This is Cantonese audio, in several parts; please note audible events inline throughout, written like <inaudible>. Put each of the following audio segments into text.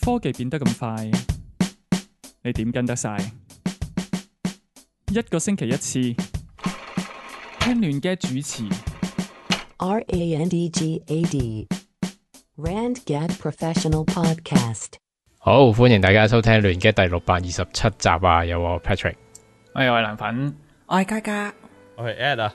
科技變得咁快，你點跟得晒？一個星期一次，聽亂 gad 嘅主持。R A N D G A D Rand Get Professional Podcast。好，歡迎大家收聽亂 gad 第六百二十七集啊！有我 Patrick，我係愛蘭粉，我係嘉嘉，我係 Ed 啊。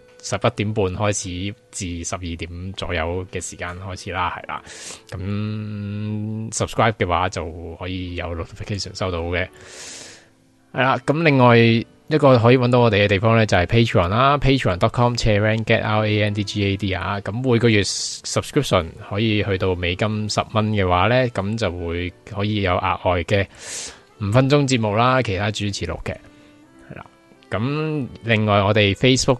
十一點半開始，至十二點左右嘅時間開始啦，係啦。咁 subscribe 嘅話就可以有 notification 收到嘅，係啦。咁另外一個可以搵到我哋嘅地方呢，就係 patreon 啦 patreon dot com c h a r a n d get r a n d g a d 啊。咁每個月 subscription 可以去到美金十蚊嘅話呢，咁就會可以有額外嘅五分鐘節目啦，其他主持錄嘅係啦。咁另外我哋 Facebook。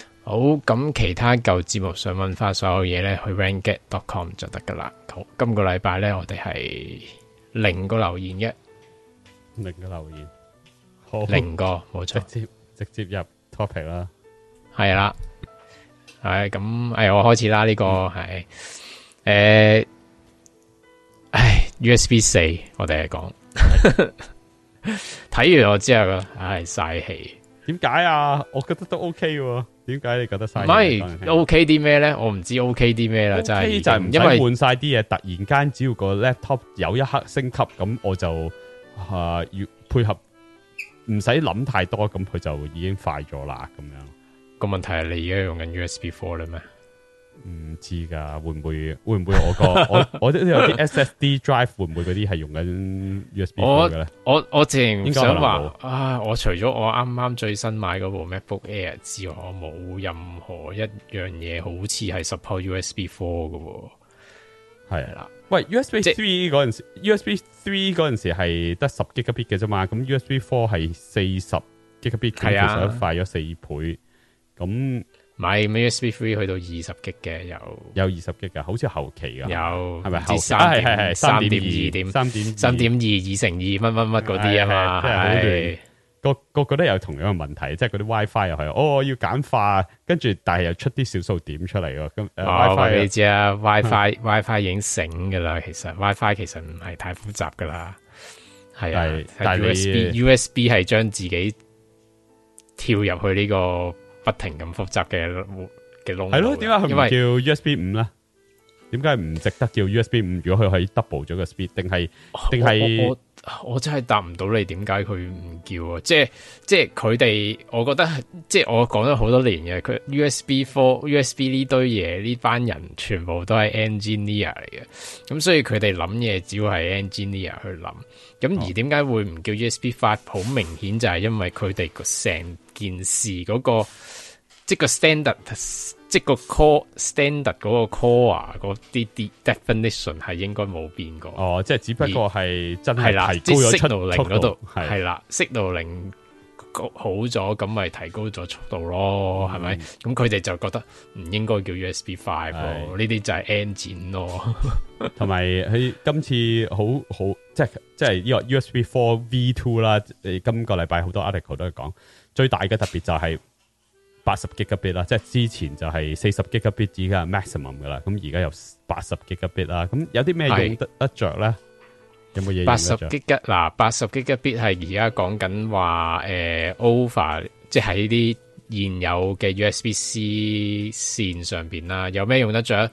好咁，其他舊節目上問返所有嘢咧，去 ranket.com 就得噶啦。好，今個禮拜咧，我哋係零個留言嘅，零個留言，好零個冇錯，直接直接入 topic 啦。係啦，係咁，誒、哎，我開始啦，呢、這個係誒，唉，USB 四，哎、USB4, 我哋係講，睇 <laughs> 完我之後啊，唉、哎，晒氣，點解啊？我覺得都 OK 嘅喎。點解你覺得嘥？唔係 OK 啲咩咧？我唔知 OK 啲咩啦。OK、就係就唔使換晒啲嘢，突然間只要個 laptop 有一刻升級，咁我就啊、呃、要配合，唔使諗太多，咁佢就已經快咗啦。咁樣個問題係你而家用緊 USB4 咧咩？唔知噶，會唔會會唔會我個 <laughs> 我我都有啲 SSD drive 會唔會嗰啲係用緊 USB 4嘅咧？我我淨想話啊，我除咗我啱啱最新買嗰部 MacBook Air 之外，我冇任何一樣嘢好似係 support USB four 嘅喎。係啦、啊，喂，USB three 嗰陣時，USB three 嗰陣時係得十 g b 嘅啫嘛，咁 USB four 係四十 g bit，係啊，快咗四倍咁。買 USB three 去到二十 G 嘅有的有二十 G 嘅，好似後期嘅有係咪後三係係係三點二點三點三點二二乘二乜乜乜嗰啲啊嘛，好似個個都有同樣嘅問題，即係嗰啲 WiFi 又係，哦要簡化，跟住但係又出啲小數點出嚟喎。咁 WiFi、哦、你知啊、嗯、，WiFi WiFi 已經醒噶啦，其實 WiFi 其實唔係太複雜噶啦，係係但，但 USB USB 係將自己跳入去呢、這個。不停咁複雜嘅嘅窿，係咯？點解唔叫 USB 五咧？點解唔值得叫 USB 五？如果佢係 double 咗個 speed，定係定係？我真係答唔到你，點解佢唔叫啊？即係即係佢哋，即係、我覺得即係、即係、我講咗好多年嘅，佢 USB four、USB 呢堆嘢呢班人全部都係 engineer 嚟嘅，咁所以佢哋諗嘢只會係 engineer 去諗。咁而點解會唔叫 USB Five？好、哦、明顯就係因為佢哋個成件事嗰、那個即、就是、個 standard，即個 core standard 嗰個 core 嗰啲啲 definition 係應該冇變過。哦，即係只不過係真係提高咗七到零嗰度，係啦，適到零。好咗咁咪提高咗速度咯，係、嗯、咪？咁佢哋就覺得唔應該叫 USB Five，呢啲就係 n 剪咯。同埋佢今次好好即係即係呢個 USB Four V Two 啦。誒，今個禮拜好多 article 都係講最大嘅特別就係八十 g 比特啦。即係之前就係四十吉比特而家 maximum 噶啦。咁而家又八十 g 比特啦。咁有啲咩用得得着咧？有冇嘢？八十吉吉嗱，八十 g 吉 bit 係而家講緊話，誒，over 即係喺啲現有嘅 USB-C 線上邊啦。有咩用得着？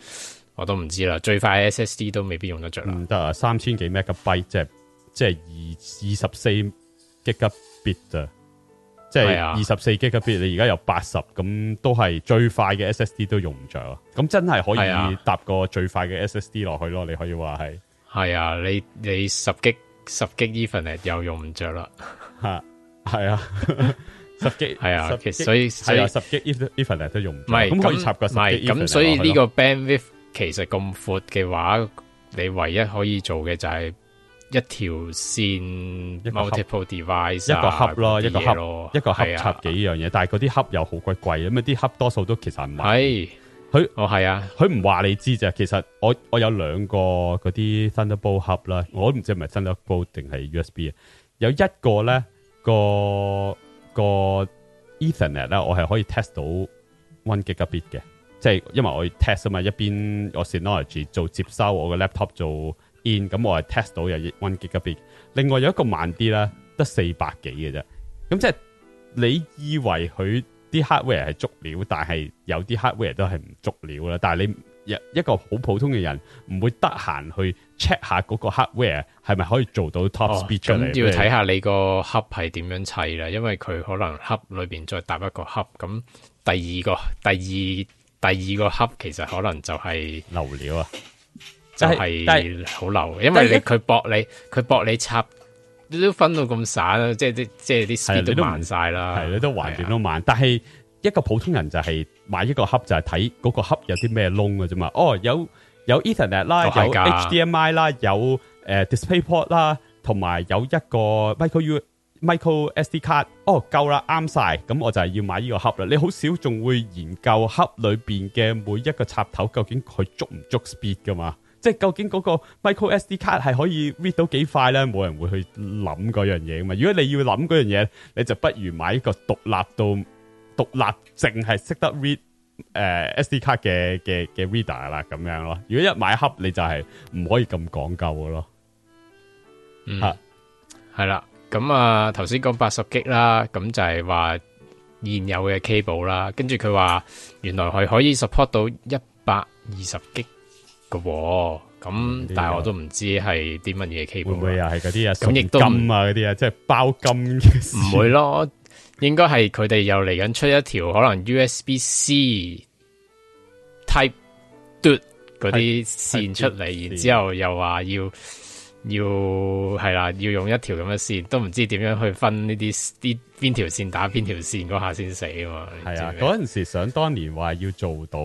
我都唔知啦。最快 SSD 都未必用得着啦。唔得，就是就是，啊，三千幾 mega 嘅 byte 即係即係二二十四 g 吉 bit 咋？即係二十四 g 吉 bit。你而家有八十咁，都係最快嘅 SSD 都用唔着。咁真係可以搭個最快嘅 SSD 落去咯。你可以話係。係啊，你你十吉十吉 Ethernet 又用唔着啦，吓，係啊，十吉係啊, <laughs> 10G, <laughs> 啊 Okay, 所，所以所以十吉、啊、Ethernet 都用唔，唔係咁可以插個十吉 Ethernet 咁，所以呢個 bandwidth、啊、其實咁闊嘅話，你唯一可以做嘅就係一條線一 multiple device 一個盒,、啊一個盒,啊、一個盒咯，一個盒咯，一個啊，插幾樣嘢、啊，但係嗰啲盒又好鬼貴，咁啊啲盒多數都其實係唔係。佢哦係啊，佢唔話你知咋。其實我我有兩個嗰啲 Thunderbolt 盒啦，我都唔知係咪 Thunderbolt 定係 USB 啊。有一個咧、嗰個、嗰個 Ethernet 咧，我係可以 test 到 one gigabit 嘅，即係因為我要 test 啊嘛，一邊我 Synology 做接收，我個 laptop 做 in，咁我係 test 到有 one gigabit。另外有一個慢啲呢，得四百幾嘅啫。咁即係你以為佢？啲 hardware 係足料，但係有啲 hardware 都係唔足料啦。但係你一一個好普通嘅人，唔會得閒去 check 下嗰個 hardware 係咪可以做到 top speed 嚟。咁要睇下你個盒係點樣砌啦，因為佢可能盒裏邊再搭一個盒，咁第二個、第二、第二個盒其實可能就係漏料啊，就係好漏，因為佢博你，佢博你，你插。你都分到咁散，即係啲即係啲 speed 都慢晒啦。係、啊啊，你都還掂都慢。啊、但係一個普通人就係買一個盒，就係睇嗰個盒有啲咩窿嘅啫嘛。哦，有有 Ethernet 啦、哦，有 HDMI 啦，有誒、呃、DisplayPort 啦，同埋有一個 micro U micro SD card。哦，夠啦，啱晒。咁我就係要買呢個盒啦。你好少仲會研究盒裏邊嘅每一個插頭究竟佢捉唔捉 speed 噶嘛？即係究竟嗰個 micro SD 卡係可以 read 到幾快咧？冇人會去諗嗰樣嘢啊嘛！如果你要諗嗰樣嘢，你就不如買一個獨立到獨立，淨係識得 read 誒、呃、SD 卡嘅嘅嘅 reader 啦，咁樣咯。如果一買一盒，你就係唔可以咁講究嘅咯。嗯、係、啊啊、啦。咁啊，頭先講八十 G 啦，咁就係話現有嘅 cable 啦。跟住佢話原來係可以 support 到一百二十 G。嘅，咁但係我都唔知係啲乜嘢 K，會唔會又係嗰啲啊？咁亦都金啊，嗰啲啊，即係包金。唔會咯，應該係佢哋又嚟緊出一條可能 USB C type D 嗰啲線出嚟，然之後又話要。要係啦、啊，要用一條咁嘅線，都唔知點樣去分呢啲啲邊條線打邊條線嗰下先死啊嘛！係啊，嗰陣時候想當年話要做到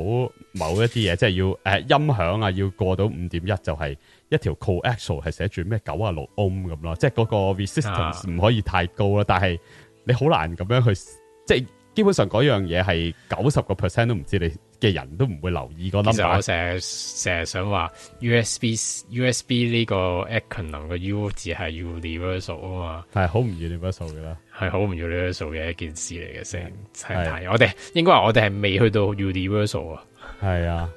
某一啲嘢， <laughs> 即係要誒、呃、音響啊，要過到五點一就係一條 coaxial 係寫住咩九十六歐咁咯，即係嗰個 resistance 唔、啊、可以太高啦。但係你好難咁樣去，即係基本上嗰樣嘢係九十個 percent 都唔知你。嘅人都唔會留意嗰粒。其實我成日成日想話 USB USB 呢個 acronym 個 U 字係 universal 啊嘛，但係好唔 universal 嘅啦，係好唔 universal 嘅一件事嚟嘅先。係我哋應該話我哋係未去到 universal 啊。係啊。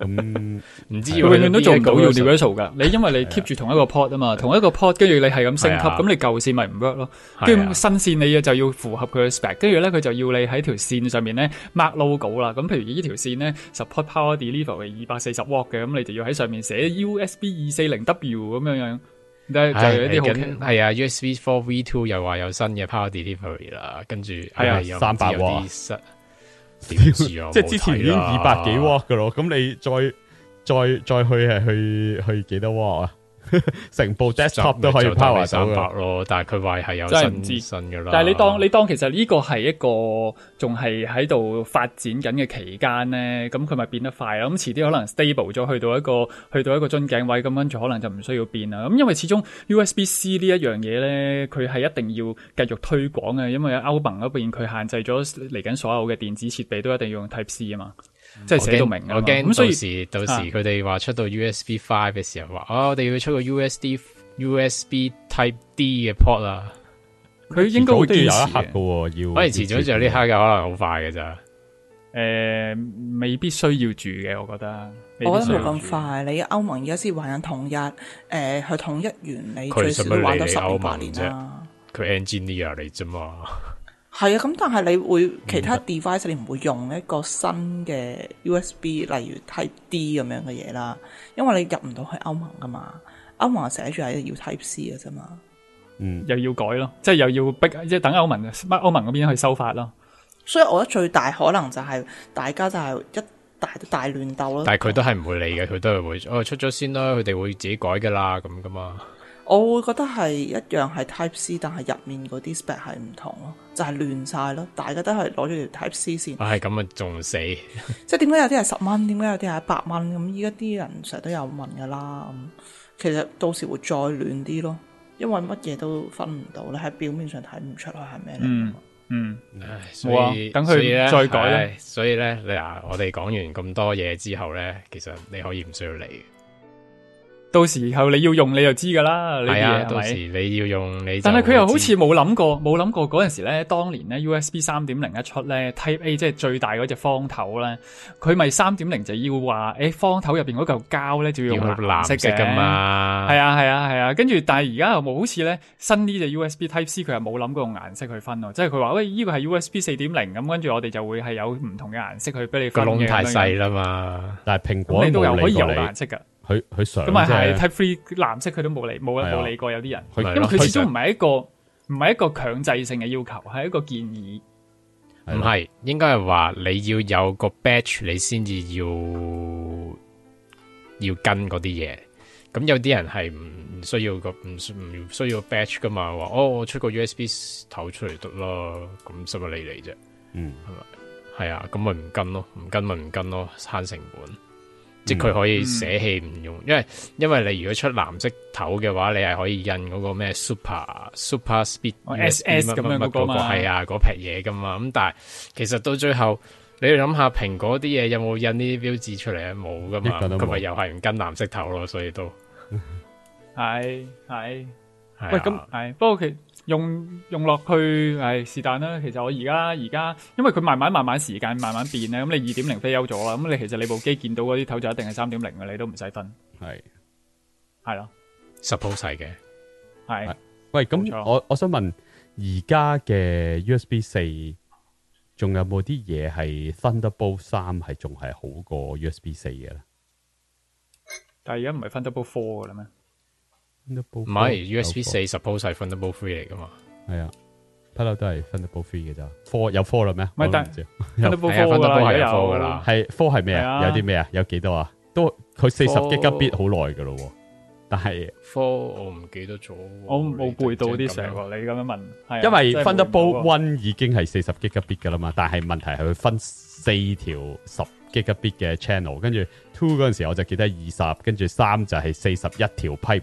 咁唔 <laughs> 知，永遠都做唔到要 dear 噶。你因為你 keep 住同一個 port 啊嘛，同一個 port 跟住你係咁升級，咁你舊線咪唔 work 咯。跟住新線你就要符合佢嘅 spec，跟住咧佢就要你喺條線上面咧 mark logo 啦。咁譬如條呢條線咧 support power delivery 二百四十 w 嘅，咁你就要喺上面寫 USB 二四零 W 咁樣樣。就係一啲好係啊，USB four V two 又話有新嘅 power delivery 啦，跟住係啊三百瓦。點知啊、即係之前已經二百幾窩嘅咯，咁你再再再去係去去幾多窩啊？成 <laughs> 部 desktop 都可以 power 三百咯，但係佢話係有真係唔知新噶啦。但係你當你當其實呢個係一個仲係喺度發展緊嘅期間咧，咁佢咪變得快咯。咁遲啲可能 stable 咗，去到一個去到一個樽頸位，咁跟住可能就唔需要變啦。咁因為始終 USB C 呢一樣嘢咧，佢係一定要繼續推廣嘅，因為歐盟嗰邊佢限制咗嚟緊所有嘅電子設備都一定要用 Type C 啊嘛。即係寫到明，我驚到時、嗯、到時佢哋話出到 USB five 嘅時候話，哦、啊啊，我哋要出個 USD, USB USB Type D 嘅 port 啦。佢應該會堅持。有一刻嘅，要，要遲這可能遲早有呢刻嘅，可能好快嘅咋？誒，未必需要住嘅，我覺得。我覺得冇咁快。你歐盟而家先玩緊統一，誒、呃，佢統一完你。最少要玩多十年八年啫、啊，佢 engineer 嚟啫嘛。係啊，咁但係你會其他 device 你唔會用一個新嘅 USB，、嗯、例如 Type D 咁樣嘅嘢啦，因為你入唔到去歐盟噶嘛，歐盟寫住係要 Type C 嘅啫嘛，嗯，又要改咯，即係又要逼，即係等歐盟啊，歐盟嗰邊去修法咯。所以我覺得最大可能就係大家就係一大大亂鬥咯。但係佢都係唔會理嘅，佢都係會，我、哦、出咗先啦，佢哋會自己改噶啦咁噶嘛。我會覺得係一樣係 Type C，但係入面嗰啲 spec 係唔同咯，就係亂晒咯。大家都係攞咗條 Type C 先，係咁啊，仲死！ <laughs> 即係點解有啲係十蚊，點解有啲係一百蚊？咁依家啲人成日都有問噶啦。其實到時會再亂啲咯，因為乜嘢都分唔到咧，喺表面上睇唔出佢係咩咧。嗯嗯，冇啊，所以等佢再改。所以咧、啊，你嗱，我哋講完咁多嘢之後咧，其實你可以唔需要理。到時候你要用你就知噶啦，係啊，到時你要用你知道。但係佢又好似冇諗過，冇諗過嗰陣時咧，當年咧 USB 三點零一出咧，Type A 即係最大嗰隻方頭咧，佢咪三點零就要話，誒、欸、方頭入邊嗰嚿膠咧就要用藍色嘅嘛。係啊係啊係啊，跟住、啊啊啊、但係而家又冇好似咧新啲隻 USB Type C 佢又冇諗過用顏色去分咯，即係佢話喂呢、這個係 USB 四點零咁，跟住我哋就會係有唔同嘅顏色去俾你分個窿太細啦嘛，但係蘋果冇理過你，你。你佢佢想咁咪係 type three 藍色佢都冇理冇冇理過有啲人，因為佢始終唔係一個唔係一個強制性嘅要求，係一個建議。唔係，應該係話你要有個 batch，你先至要要跟嗰啲嘢。咁有啲人係唔需要個唔唔需要 batch 噶嘛？話哦，我出個 USB 頭出嚟得咯，咁使乜理你啫？嗯，係咪？係啊，咁咪唔跟咯，唔跟咪唔跟咯，慳成本。嗯、即佢可以捨棄唔用、嗯，因為因為你如果出藍色頭嘅話，你係可以印嗰個咩 Super Super Speed SS 咁樣乜嗰個係啊嗰撇嘢噶嘛，咁、啊、但係其實到最後你要諗下蘋果啲嘢有冇印呢啲標誌出嚟啊？冇噶嘛，佢咪又係唔跟藍色頭咯，所以都係係係。咁 <laughs> 係，不過其。用用落去係是但啦。其實我而家而家，因為佢慢慢慢慢時間慢慢變咧，咁你二點零飛優咗啦，咁你其實你部機見到嗰啲頭就一定係三點零嘅，你都唔使分係係咯。Suppose 係嘅係喂，咁我我想問而家嘅 USB 四仲有冇啲嘢係 Thunderbolt 三係仲係好過 USB 四嘅咧？但係而家唔係 Thunderbolt four 噶啦咩？唔係 USB 4，suppose 係 Thunderbolt 3嚟噶嘛？係啊，不嬲都係 Thunderbolt 3嘅咋 four 有 four 啦咩？唔係但 Thunderbolt four 係有噶啦，係 four 係咩啊？有啲咩啊？有幾多啊？都佢四十 G 吉 b 好耐噶咯，但係 four 我唔記得咗，我冇背到啲成相，你咁樣問，因為 Thunderbolt one 已經係四十 G 吉 b i 噶啦嘛，但係問題係佢分四條十吉吉 b 嘅 channel，跟住 two 嗰陣時我就記得二十，跟住三就係四十一條 pipe。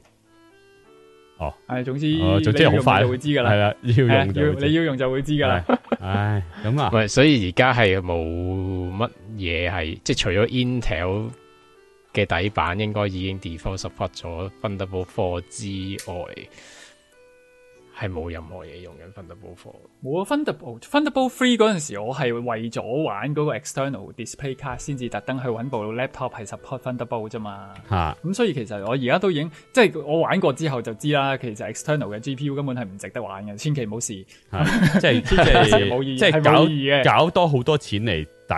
哦，係，總之，哦、總之好快，係啦，要用就，你要用就會知噶啦。唉，咁 <laughs> 啊，係，所以而家係冇乜嘢係，即係除咗 Intel 嘅底板應該已經 default support 咗分得部 four 之外。係冇任何嘢用緊 Thunderbolt 貨，冇啊 Thunderbolt，Thunderbolt Three 嗰陣時，我係為咗玩嗰個 External Display 卡，先至特登去揾部 Laptop 係 support Thunderbolt 啫嘛。吓、啊，咁所以其實我而家都已經，即係我玩過之後就知啦。其實 External 嘅 GPU 根本係唔值得玩嘅，千祈冇事。係、啊啊，即係，即係，即係、就是、搞,搞多好多錢嚟大。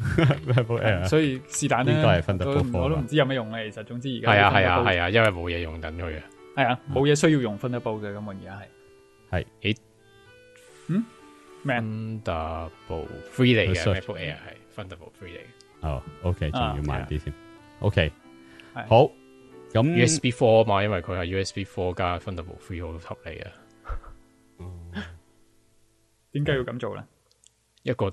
<laughs> MacBook air 所以應該是但啲都係 Thunderbolt four，我都唔知有咩用是是啊。其實總之而家係啊係啊係啊，因為冇嘢用緊佢啊。係啊，冇嘢需要用 Thunderbolt 嘅咁嘅而家係。係誒，嗯，Thunderbolt three 嚟嘅 MacBook Air 係 Thunderbolt three 嚟嘅。哦、oh,，OK，仲要慢啲先、啊啊。OK，、啊、好。咁 USB four 嘛，因為佢係 USB four 加 Thunderbolt three 好合理啊。嗯 <laughs> 點解要咁做咧？一個。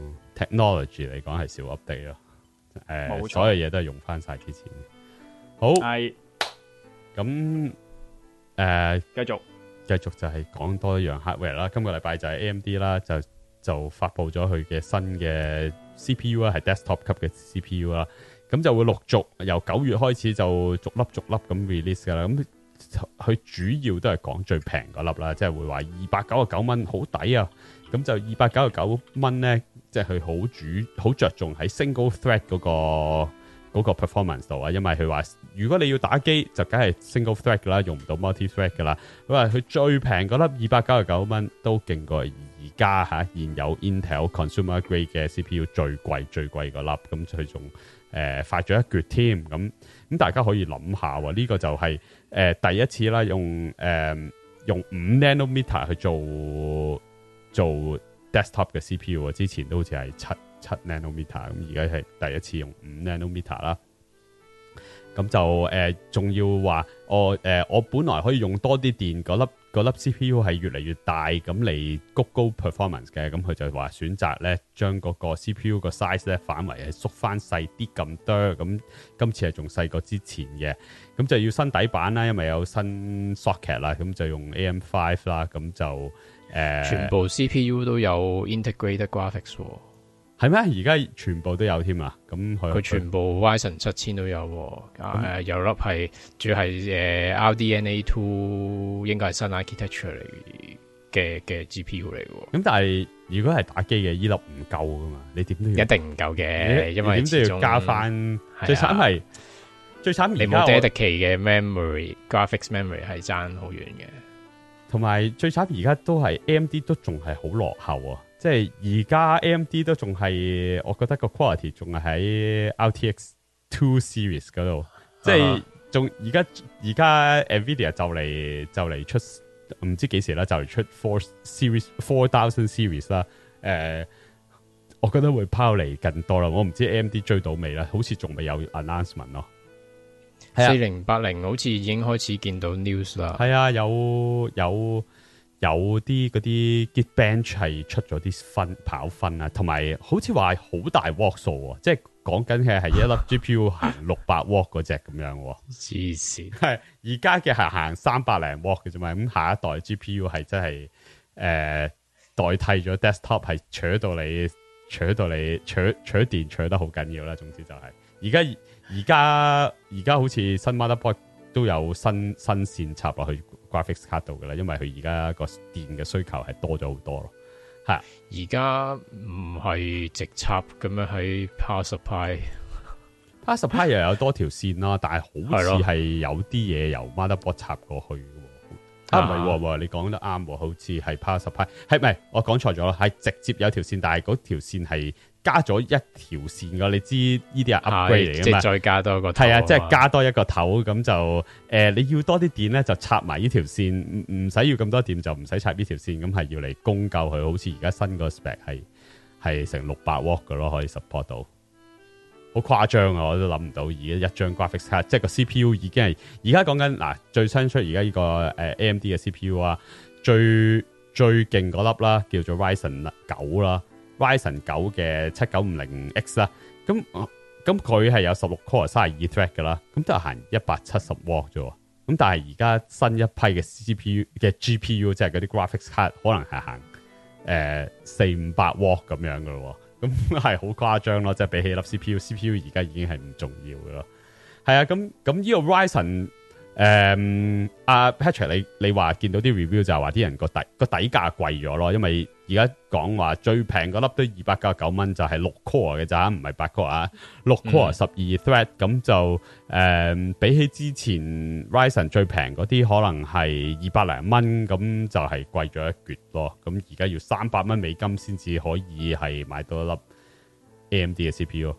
technology 嚟講係少 update 咯，誒，所有嘢都係用翻晒之前。好，咁誒，繼續，繼續就係講多一樣 hardware 啦。今個禮拜就係 AMD 啦，就就發布咗佢嘅新嘅 CPU 啦，係 desktop 級嘅 CPU 啦。咁就會陸續由九月開始就逐粒逐粒咁 release 噶啦。咁佢主要都係講最平嗰粒啦，即係會話二百九十九蚊好抵啊。咁就二百九十九蚊咧。即係佢好主好着重喺 single thread 嗰、嗰個嗰、嗰個 performance 度啊，因為佢話如果你要打機就梗係 single thread 啦，用唔到 multi thread 噶啦。佢話佢最平嗰粒二百九十九蚊都勁過而家吓現有 Intel consumer grade 嘅 CPU 最貴最貴嗰粒，咁佢仲誒快咗一橛添。咁咁大家可以諗下喎，呢、呢個就係、係、誒、呃、第一次啦，用誒、呃、用五 nanometer 去做做。Desktop 嘅 CPU 啊，之前都好似係七七 nanometer，咁而家係第一次用五 nanometer 啦。咁就誒仲、呃、要話我誒我本來可以用多啲電嗰粒粒 CPU 係越嚟越大，咁嚟谷高 performance 嘅。咁佢就話選擇咧將嗰個 CPU 個 size 咧範圍係縮翻細啲咁多。咁今次係仲細過之前嘅。咁就要新底板啦，因為有新 socket 啦，咁就用 AM5 啦，咁就。全部 C P U 都有 integrated graphics，係、呃、咩？而家全部都有添啊！咁佢全部 Ryzen 七千都有，誒、嗯，有粒係主要係誒 R D N A two，應該係新 architecture 嚟嘅嘅 G P U 嚟。咁但係如果係打機嘅，依粒唔夠噶嘛？你點都要一定唔夠嘅，因為點都要加翻。最慘係、啊、最慘，你冇 dedicated 嘅 memory graphics memory 係爭好遠嘅。同埋最慘而家都係 AMD 都仲係好落後啊！即係而家 AMD 都仲係，我覺得個 quality 仲係喺 R T X Two Series 嗰度。Uh huh. 即係仲而家而家 Nvidia 就嚟就嚟出唔知幾時啦，就嚟出 Four Series Four Thousand Series 啦。誒、呃，我覺得會拋離更多啦。我唔知 AMD 追到未啦，好似仲未有 announcement 咯。四零八零好似已經開始見到 news 啦。係啊，有有有啲嗰啲 Geekbench 係出咗啲分跑分啊，同埋好似話好大 watt 數喎、啊。即係講緊嘅係一粒 GPU 行六百 watt 嗰隻咁樣、啊。黐 <laughs> 線！係而家嘅係行三百零 watt 嘅啫嘛，咁下一代 GPU 係真係誒、呃、代替咗 desktop 係扯到你扯到你扯扯電扯得好緊要啦、啊。總之就係而家。而家而家好似新 motherboard 都有新新線插落去 graphics card 度㗎啦，因為佢而家個電嘅需求係多咗好多咯。係啊，而家唔係直插咁樣喺 power supply，power supply 又有多條線啦， <laughs> 但係好似係有啲嘢由 motherboard 插過去。啊，唔係喎，你講得啱喎，好似係 power supply 係咪？我講錯咗，係直接有條線，但係嗰條線係。加咗一條線噶、啊，你知呢啲係 upgrade 嚟嘅嘛，即再加多一個頭，係啊，即、就、係、是、加多一個頭咁、啊啊、就誒、呃，你要多啲電咧，就插埋呢條線，唔唔使要咁多電就唔使插呢條線，咁係要嚟供夠佢，好似而家新個 spec 係係成六百 W 噶咯，可以 support 到，好誇張啊！我都諗唔到，而家一張 graphics 卡，即係個 CPU 已經係而家講緊嗱，最新出而家呢個誒、呃、AMD 嘅 CPU 啊，最最勁嗰粒啦，叫做 Ryzen 啦九啦。r y s o n 九嘅七九五零 X 啦，咁咁佢係有十六 core 三十二 thread 噶啦，咁都係行一百七十瓦啫。咁但係而家新一批嘅 CPU 嘅 GPU 即係嗰啲 graphics card，可能係行誒四五百瓦咁樣噶咯。咁係好誇張咯，即係比起粒 CPU，CPU <music> 而家已經係唔重要噶咯。係啊，咁咁呢個 r y s o n 誒、呃、阿、啊、Patrick，你你話見到啲 review 就係話啲人個底個底價貴咗咯，因為。而家講話最平嗰粒都二百九十九蚊，就係、是、六 core 嘅咋，唔係八 core 啊，六 core 十二 thread，咁、嗯、就誒、嗯、比起之前 Ryzen 最平嗰啲可能係二百零蚊，咁就係貴咗一橛咯。咁而家要三百蚊美金先至可以係買到一粒 AMD 嘅 CPU。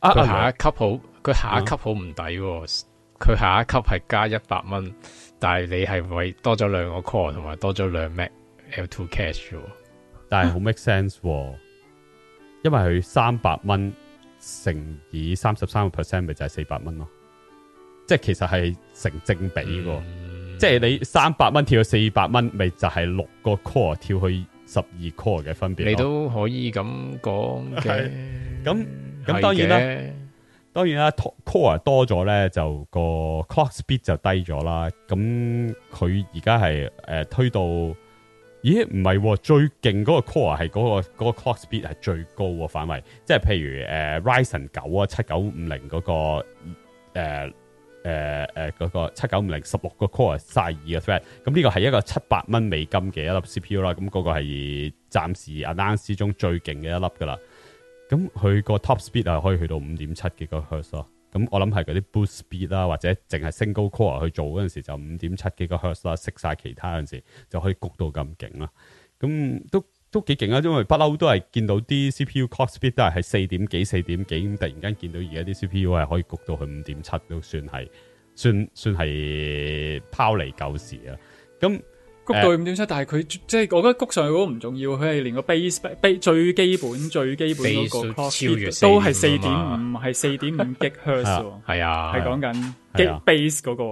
啊，佢下一級好，佢下一級好唔抵，佢、啊、下一級係加一百蚊，但係你係位多咗兩個 core 同埋多咗兩 Mac L two cache。但係好 make sense 喎，因為佢三百蚊乘以三十三個 percent 咪就係四百蚊咯，即係其實係成正比喎、嗯。即係你三百蚊跳到四百蚊，咪就係、是、六個 core 跳去十二 core 嘅分別。你都可以咁講嘅，咁咁當然啦，當然啦，core 多咗咧就個 clock speed 就低咗啦。咁佢而家係誒推到。咦，唔係喎，最勁嗰個 core 係嗰、嗰個嗰個 clock speed 係最高喎範圍，即係譬如誒 Ryzen 九啊七九五零嗰個誒誒誒嗰個七九五零十六個 core 三十二個 thread，咁呢個係一個七百蚊美金嘅一粒 CPU 啦，咁嗰個係暫時 announce 中最勁嘅一粒噶啦，咁佢個 top speed 係可以去到五點七幾個 Hz 咁我諗係嗰啲 boost speed 啦、啊，或者淨係 single core 去做嗰陣時候就五點七幾個赫茲啦，熄晒其他嗰陣時候就可以焗到咁勁啦。咁都都幾勁啊，因為不嬲都係見到啲 CPU clock speed 都係係四點幾四點幾，咁突然間見到而家啲 CPU 係可以焗到去五點七，都算係算算係拋離舊時啊。咁谷到五點七，但係佢即係我覺得谷上去嗰個唔重要，佢係連個 base base 最基本最基本嗰個 clock 都係四點五，係四點五吉赫茲。係啊，係講緊基、啊、base 嗰、嗰個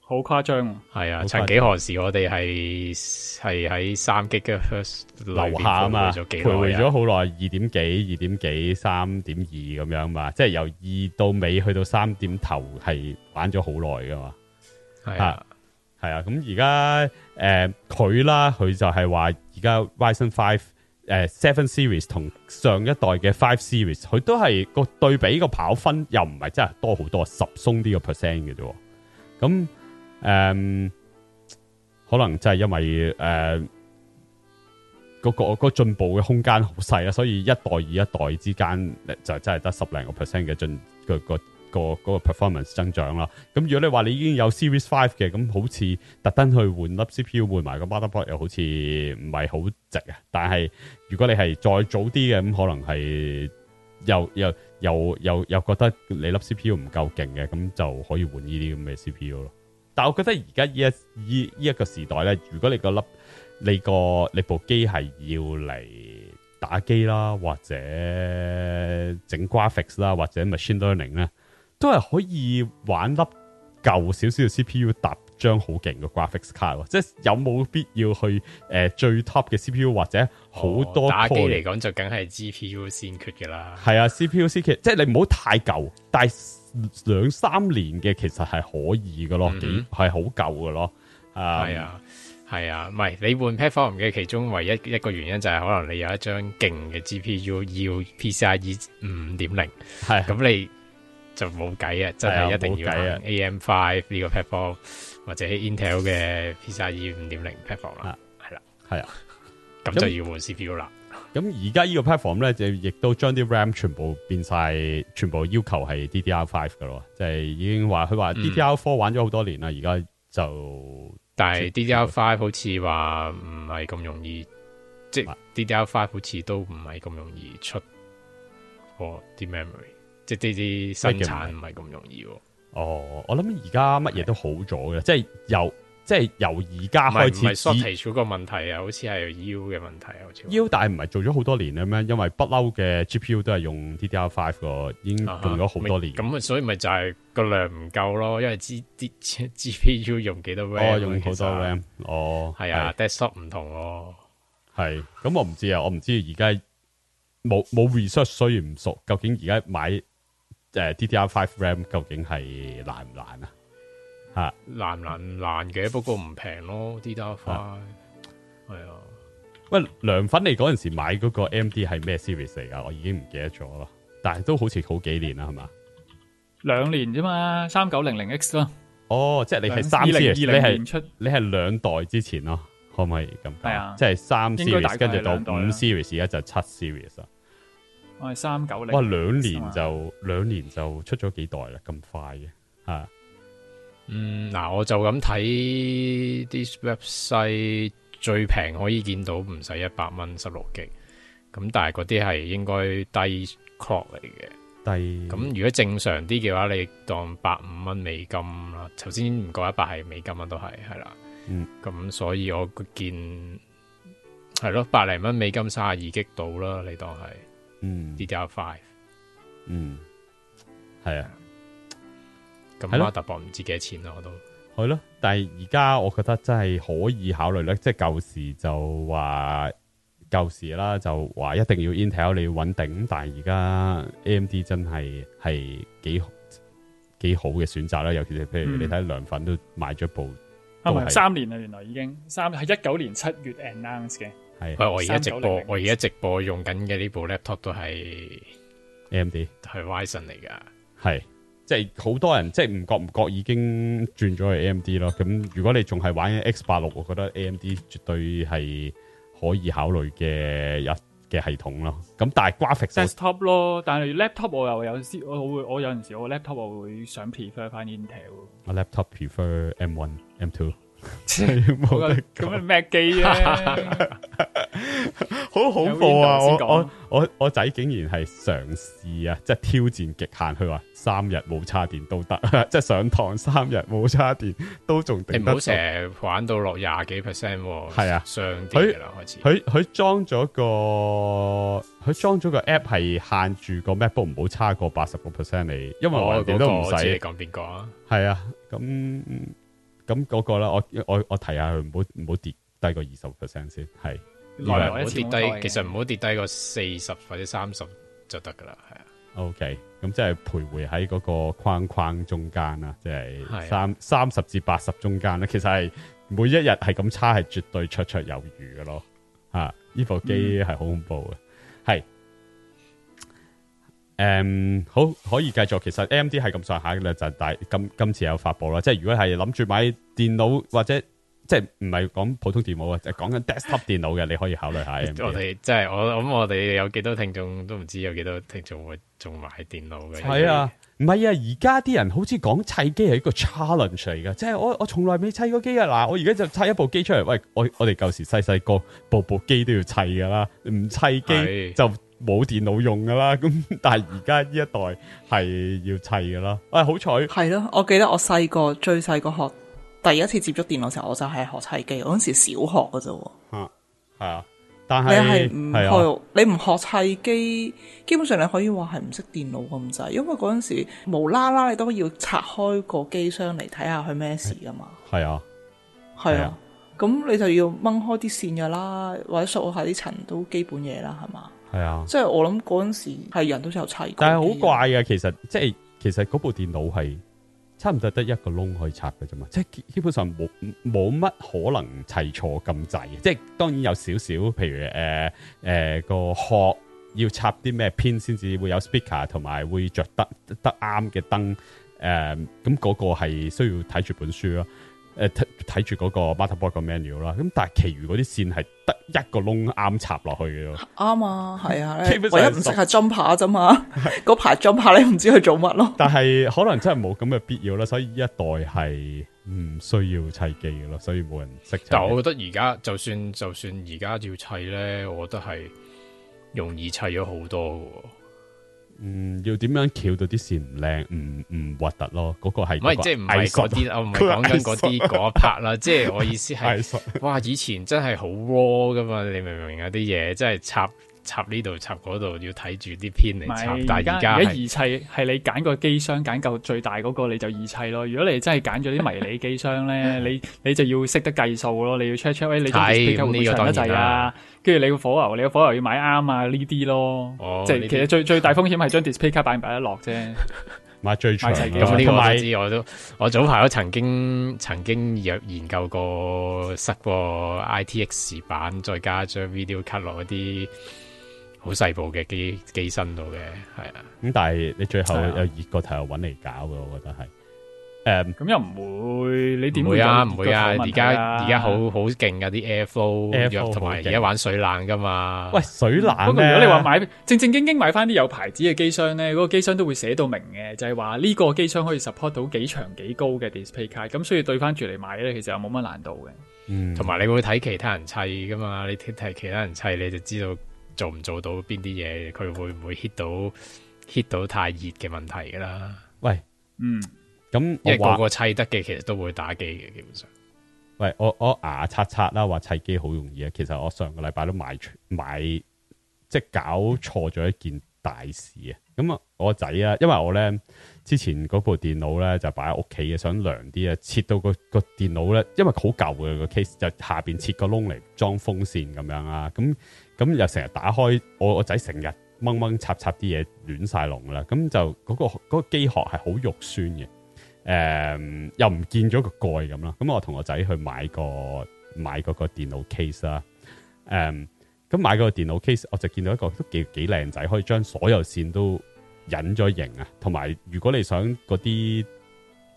好誇張。係啊，曾幾何時我哋係係喺三吉赫茲樓下啊嘛，徘徊咗好耐，二、啊、點幾、二點幾、三點二咁樣嘛，即係由二到尾去到三點頭係玩咗好耐噶嘛。係啊。啊係啊，咁而家誒佢啦，佢就係話而家 Ryzen Five 誒 Seven Series 同上一代嘅 Five Series，佢都係個對比個跑分又唔係真係多好多，十鬆啲嘅 percent 嘅啫。咁誒、呃，可能真係因為誒嗰個嗰進步嘅空間好細啊，所以一代與一代之間就真係得十零個 percent 嘅進個個。嗰個、嗰個 performance 增長啦，咁如果你話你已經有 Series Five 嘅，咁好似特登去換粒 CPU 換埋個 Motherboard 又好似唔係好值啊。但係如果你係再早啲嘅，咁可能係又又又又又覺得你粒 CPU 唔夠勁嘅，咁就可以換呢啲咁嘅 CPU 咯。但係我覺得而家呢一呢一,一,一個時代咧，如果你個粒你個你部機係要嚟打機啦，或者整 Graphics 啦，或者 Machine Learning 咧。都係可以玩粒舊少少嘅 C P U 搭張好勁嘅 Graphics 卡，即係有冇必要去誒、呃、最 top 嘅 C P U 或者好多 CPU,、哦、打機嚟講就梗係 G P U 先決噶啦。係啊，C P U 先決，即係你唔好太舊，但兩三年嘅其實係可以噶咯、嗯，幾係好舊噶咯。是嗯、是啊，係啊，係啊，唔係你換 Platform 嘅其中唯一一個原因就係可能你有一張勁嘅 G P U 要 P C I E 五點、啊、零，係咁你。就冇計啊！真係一定要 AM Five 呢個 platform 或者 Intel 嘅 PCIe 五點零 platform 啦，係啦，係啊，咁、啊、 <laughs> 就要換 CPU 啦。咁而家呢個 platform 咧就亦都將啲 RAM 全部變晒，全部要求係 DDR Five 噶咯，即、就、係、是、已經話佢話 DDR Four 玩咗好多年啦，而、嗯、家就但係 DDR Five 好似話唔係咁容易，啊、即係 DDR Five 好似都唔係咁容易出個啲 memory。即啲啲生產唔係咁容易喎。哦，我諗而家乜嘢都好咗嘅，即係由即係由而家開始。shortage 嗰個問題啊，好似係 yield 嘅問題啊，好似 yield，但係唔係做咗好多年咧咩？因為不嬲嘅 GPU 都係用 DDR5 嘅，已經用咗好多年了。咁啊，所以咪就係個量唔夠咯，因為啲啲 GPU 用幾多 RAM 用好多 RAM 哦，係啊，desktop 唔同，係咁我唔知啊，不我唔知而家冇冇 research，雖然唔熟，究竟而家買。誒，DDR 5 RAM 究竟係難唔難啊？吓難唔難唔難嘅，不過唔平咯。DDR 五係啊，喂、啊，涼粉、啊、你嗰陣時買嗰個 MD 係咩 series 嚟噶？我已經唔記得咗啦，但係都好似好幾年啦，係嘛？兩年啫嘛、啊，三九零零 X 咯。哦，即係你係三 series，你係出，你係兩代之前咯，可唔可以咁講？係啊，即係三 series，跟住到五 series，而家就七 series 啊。我係三九零。哇，兩年就，啊、就兩年就出咗幾代啦，咁快嘅吓？啊。嗯，嗱，我就咁睇啲 website 最平可以見到唔使一百蚊十六 G，咁但係嗰啲係應該低 clock 嚟嘅低。咁如果正常啲嘅話，你當百五蚊美金啦。頭先唔過一百係美金啊，都係係啦。嗯，咁所以我見係咯，百零蚊美金三十二 G 到啦，你當係。嗯，DDR five，嗯，係、嗯、啊，咁啊，突破唔知幾多錢咯，我都係咯。但係而家我覺得真係可以考慮咧，即係舊時就話舊時啦，就話一定要 Intel 你要穩定。但係而家 AMD 真係係幾幾好嘅選擇啦。尤其是譬如你睇涼粉都買咗部，啊、嗯、三年啦，原來已經三係一九年七月 announce 嘅。係，我而家直播，我而家直播用緊嘅呢部 laptop 都係 AMD，係 Ryzen 嚟噶，係，即係好多人即係唔覺唔覺已經轉咗去 AMD 咯。咁如果你仲係玩 X 八六，我覺得 AMD 絕對係可以考慮嘅一嘅系統咯。咁但係 graphics desktop 咯，但係 laptop 我又有時我會我有陣時我 laptop 我會想 prefer 翻 Intel，我 laptop prefer M one M two。冇 <laughs> 得咁咩機啊！ <laughs> <laughs> 好恐怖啊 <laughs> 我！我我我仔竟然係嘗試啊，即、就、係、是、挑戰極限，佢話三日冇叉電都得，即 <laughs> 係上堂三日冇叉電都仲頂得。唔好成日玩到落廿幾 percent，係啊，啊上啲開始。佢佢裝咗個佢裝咗個 app 係限住個 macbook 唔好差過八十個 percent 你因為哋、那個哦、都唔使。我你講邊個啊？係啊，咁、嗯。咁嗰個啦，我我我提下佢，唔好唔好跌低過二十 percent 先，係，唔好跌低，其實唔好跌低個四十或者三十就得㗎喇，係啊。OK，咁即係徘徊喺嗰個框框中間啦，即係三三十至八十中間咧。其實係每一日係咁差，係絕對綽綽有餘嘅咯。嚇，呢部機係好恐怖嘅。嗯誒、um，好可以繼續。其實 AMD 係咁上下嘅，就大今今次有發佈啦。即係如果係諗住買電腦或者即係唔係講普通電腦啊，就講緊 desktop 電腦嘅， <laughs> 你可以考慮下 AMD 我。我哋即係我，我諗我哋有幾多聽眾都唔知有幾多聽眾會仲買電腦嘅。係啊，唔係啊，而家啲人好似講砌機係一個 challenge 嚟噶。即係我我從來未砌過機啊。嗱，我而家就砌一部機出嚟。喂，我我哋舊時細細個，部部機都要砌噶啦，唔砌機就。冇電腦用噶啦，咁但係而家呢一代係要砌噶啦。喂、哎、好彩係咯！我記得我細個最細個學第一次接觸電腦時候，我就係學砌機。我嗰時小學噶啫，嗯、啊，係啊。但係你係唔學，你唔、啊、學砌機、啊，基本上你可以話係唔識電腦咁滯，因為嗰陣時無啦啦你都要拆開個機箱嚟睇下佢咩事噶嘛。係啊，係啊。咁、啊、你就要掹開啲線噶啦，或者掃下啲塵都基本嘢啦，係嘛？係啊，即係我諗嗰陣時係人都有砌，但係好怪嘅。其實即係其實嗰部電腦係差唔多得一個窿可以插嘅啫嘛，即係基本上冇冇乜可能砌錯咁滯。即係當然有少少，譬如誒誒、呃呃、個殼要插啲咩片先至會有 speaker，同埋會着得得啱嘅燈。誒、呃，咁、那、嗰個係需要睇住本書咯。誒，睇住嗰個 motherboard 個 manual 啦，咁但係其餘嗰啲線係得一個窿，啱插落去嘅咯，啱啊，係啊，唯 <laughs> 一唔識 <laughs> 下針排啫嘛，個排針排你唔知佢做乜咯。但係可能真係冇咁嘅必要啦，所以一代係唔需要砌機嘅咯，所以冇人識。但我覺得而家就算就算而家要砌咧，我覺得係容易砌咗好多嘅。嗯，要點樣翹到啲線唔靚，唔唔核突咯？嗰、那個係，唔係即係唔係嗰啲啦，我唔係講緊嗰啲嗰一 part 啦。即係我，我意思係，哇，以前真係好 raw 噶嘛，你明唔明啊？有啲嘢真係插。插呢度插嗰度要睇住啲片嚟插，但係而家如果二砌係你揀個機箱揀夠最大嗰個你就二砌咯。如果你真係揀咗啲迷你機箱咧， <laughs> 你你就要識得計數咯，你要 check check 喂，你啲 d i s p 滯啊？跟住你個火牛，你個火牛要買啱啊呢啲咯。哦、即係其實最最大風險係將 display 卡擺唔擺得落啫，買最買嘅。咁呢個我我都 <laughs> 我早排我曾經曾經研究過塞個 ITX 版，再加張 video cut 落啲。好細部嘅機機身度嘅，係啊，咁但係你最後有熱過頭又搵嚟搞嘅，我覺得係，誒、嗯，咁又唔會，你點會，會啊？唔會啊！啊 air flow, air flow 而家而家好好勁噶啲 airflow，i r l w 同埋而家玩水冷噶嘛。喂，水冷咧？嗯、不過如果你話買正正經經買翻啲有牌子嘅機箱咧，嗰、那個機箱都會寫到明嘅，就係話呢個機箱可以 support 到幾長幾高嘅 display card。咁所以對翻住嚟買咧，其實又冇乜難度嘅。同、嗯、埋你會睇其他人砌噶嘛？你睇其他人砌，你就知道。做唔做到邊啲嘢，佢會唔會 hit 到 hit 到太熱嘅問題噶啦？喂，嗯，咁即係個個砌得嘅，其實都會打機嘅。基本上，喂，我我牙擦擦啦，話砌機好容易啊。其實我上個禮拜都買買，買即係搞錯咗一件大事啊。咁啊，我仔啊，因為我咧之前嗰部電腦咧就擺喺屋企嘅，想涼啲啊，切到個個電腦咧，因為好舊嘅個 case 就下邊切個窿嚟裝風扇咁樣啊，咁。咁、嗯、又成日打開，我個仔成日掹掹插插啲嘢，亂晒籠啦。咁就嗰、那個嗰、那個機殼係好肉酸嘅。誒、嗯，又唔見咗個蓋咁啦。咁、嗯、我同我仔去買個買嗰個，個電腦 case 啦、嗯。誒，咁買嗰個電腦 case，我就見到一個都幾幾靚仔，可以將所有線都隱咗形啊。同埋，如果你想嗰啲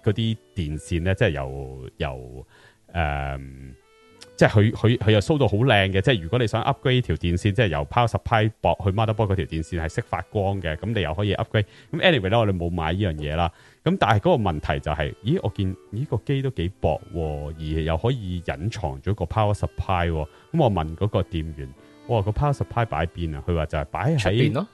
嗰啲電線咧，即係由由誒。嗯即係佢佢佢又收到好靚嘅，即係如果你想 upgrade 條電線，即係由 Power Supply 駁去 Motherboard 嗰條電線係識發光嘅，咁你又可以 upgrade。咁 anyway 咧，我哋冇買呢樣嘢啦。咁但係嗰個問題就係、是，咦，我見呢個機都幾薄，而又可以隱藏咗個 Power Supply。咁我問嗰個店員，我話個 Power Supply 擺邊啊？佢話就係擺喺出邊咯。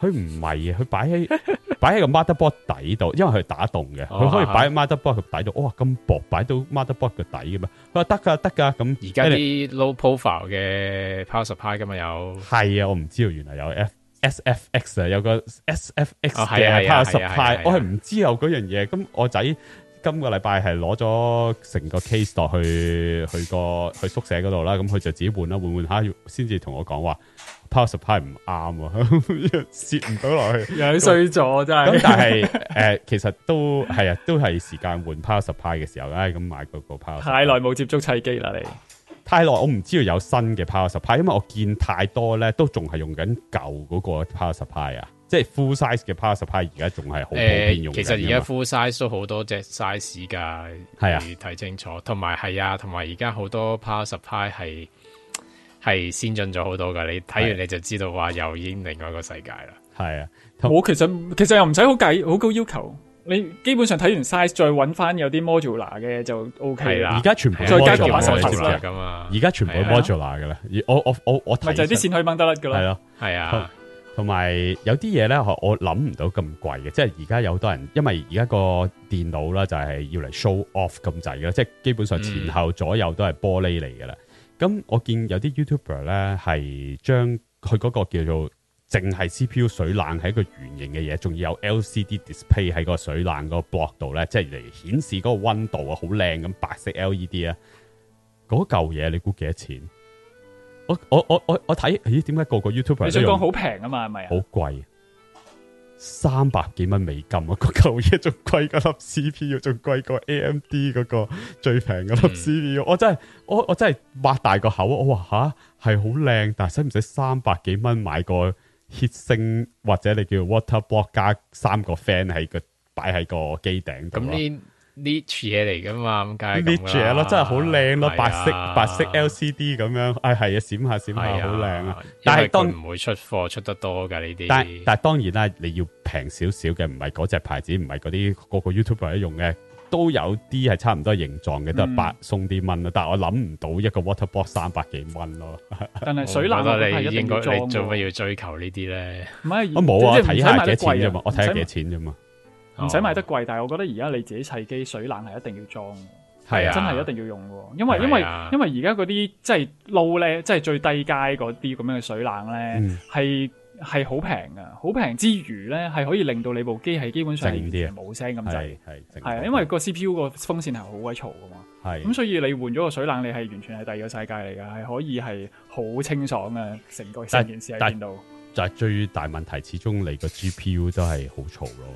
佢唔係啊！佢 <laughs> 擺喺擺喺個 motherboard 底度，因為佢打洞嘅，佢、哦、可以擺喺 motherboard 個底度。哇、哦！咁、哦嗯、薄擺到 motherboard 個底嘅咩？佢話得㗎得㗎！咁而家啲 low profile 嘅 power supply 咁啊有係啊！我唔知道原來有 S SFX 啊，有個 SFX 嘅 power supply、哦。我係唔知有嗰樣嘢。咁我仔今個禮拜係攞咗成個 case 落去去個去宿舍嗰度啦。咁佢就自己換啦，換換下先至同我講話。Power supply 唔啱、啊，接唔到落去，又衰咗真係。咁但係誒，其實都係啊，都係時間換 Power supply 嘅時候咧，咁買嗰個 Power supply。太耐冇接觸砌機啦，你太耐我唔知道有新嘅 Power supply，因為我見太多咧，都仲係用緊舊嗰個 Power supply 啊，即係 full size 嘅 Power supply 而家仲係好普遍用緊、欸。其實而家 full size 都好多隻 size 噶，係啊，睇清楚，同埋係啊，同埋而家好多 Power supply 係。係先進咗好多噶，你睇完你就知道話又已經另外一個世界啦。係啊，我其實其實又唔使好計，好高要求。你基本上睇完 size 再搵翻有啲 modular 嘅就 O K 啦。而家、啊、全部再加個把手頭，而家全部 modular 嘅啦、啊啊，我我我我睇就啲、是、線可以掹得甩噶啦。係咯，係啊。同埋、啊、有啲嘢咧，我諗唔到咁貴嘅，即係而家有好多人，因為而家個電腦啦就係要嚟 show off 咁滯嘅。即係基本上前後左右都係玻璃嚟噶啦。嗯咁我見有啲 YouTuber 咧，係將佢嗰個叫做淨係 CPU 水冷係一個圓形嘅嘢，仲要有 LCD display 喺個水冷個 block 度咧，即係嚟顯示嗰個温度啊，好靚咁白色 LED 啊，嗰嚿嘢你估幾多錢？我我我我我睇，咦？點解個個 YouTuber 你想講好平啊嘛？係咪啊？好貴。三百幾蚊美金啊！嗰個舊嘢仲貴個粒 CPU，仲貴過 AMD 嗰個最平嘅粒 CPU。我真係我我真係擘大個口。我話吓係好靚，但係使唔使三百幾蚊買個 heat sink，或者你叫 water block 加三個 fan 喺個擺喺個機頂度呢啲嘢嚟噶嘛？咁解呢啲咯，真係好靚咯，白色白色 LCD 咁樣，啊、哎、係啊，閃下閃下好靚啊！但係都唔會出貨出得多噶呢啲。但係當然啦，你要平少少嘅，唔係嗰隻牌子，唔係嗰啲個個 YouTuber 用嘅，都有啲係差唔多形狀嘅、嗯，都係白，送啲蚊咯。但係我諗唔到一個 Waterbox 三百幾蚊咯。但係水冷呵呵我覺得你應該，你應該你做乜要追求這些呢啲咧？唔係我冇啊，睇下幾錢啫嘛，我睇下幾錢啫嘛。唔使買得貴，哦、但係我覺得而家你自己砌機水冷係一定要裝的，係、啊、真係一定要用嘅。因為、啊、因為因為而家嗰啲即係 low 咧，即係最低階嗰啲咁樣嘅水冷咧，係係好平嘅，好平之餘咧係可以令到你部機係基本上完全冇聲咁滯，係啊，因為個 C P U 個風扇係好鬼嘈嘅嘛，係咁所以你換咗個水冷，你係完全係第二個世界嚟嘅，係可以係好清爽嘅成個成件事喺邊度？就係最大問題，始終你個 G P U 都係好嘈咯。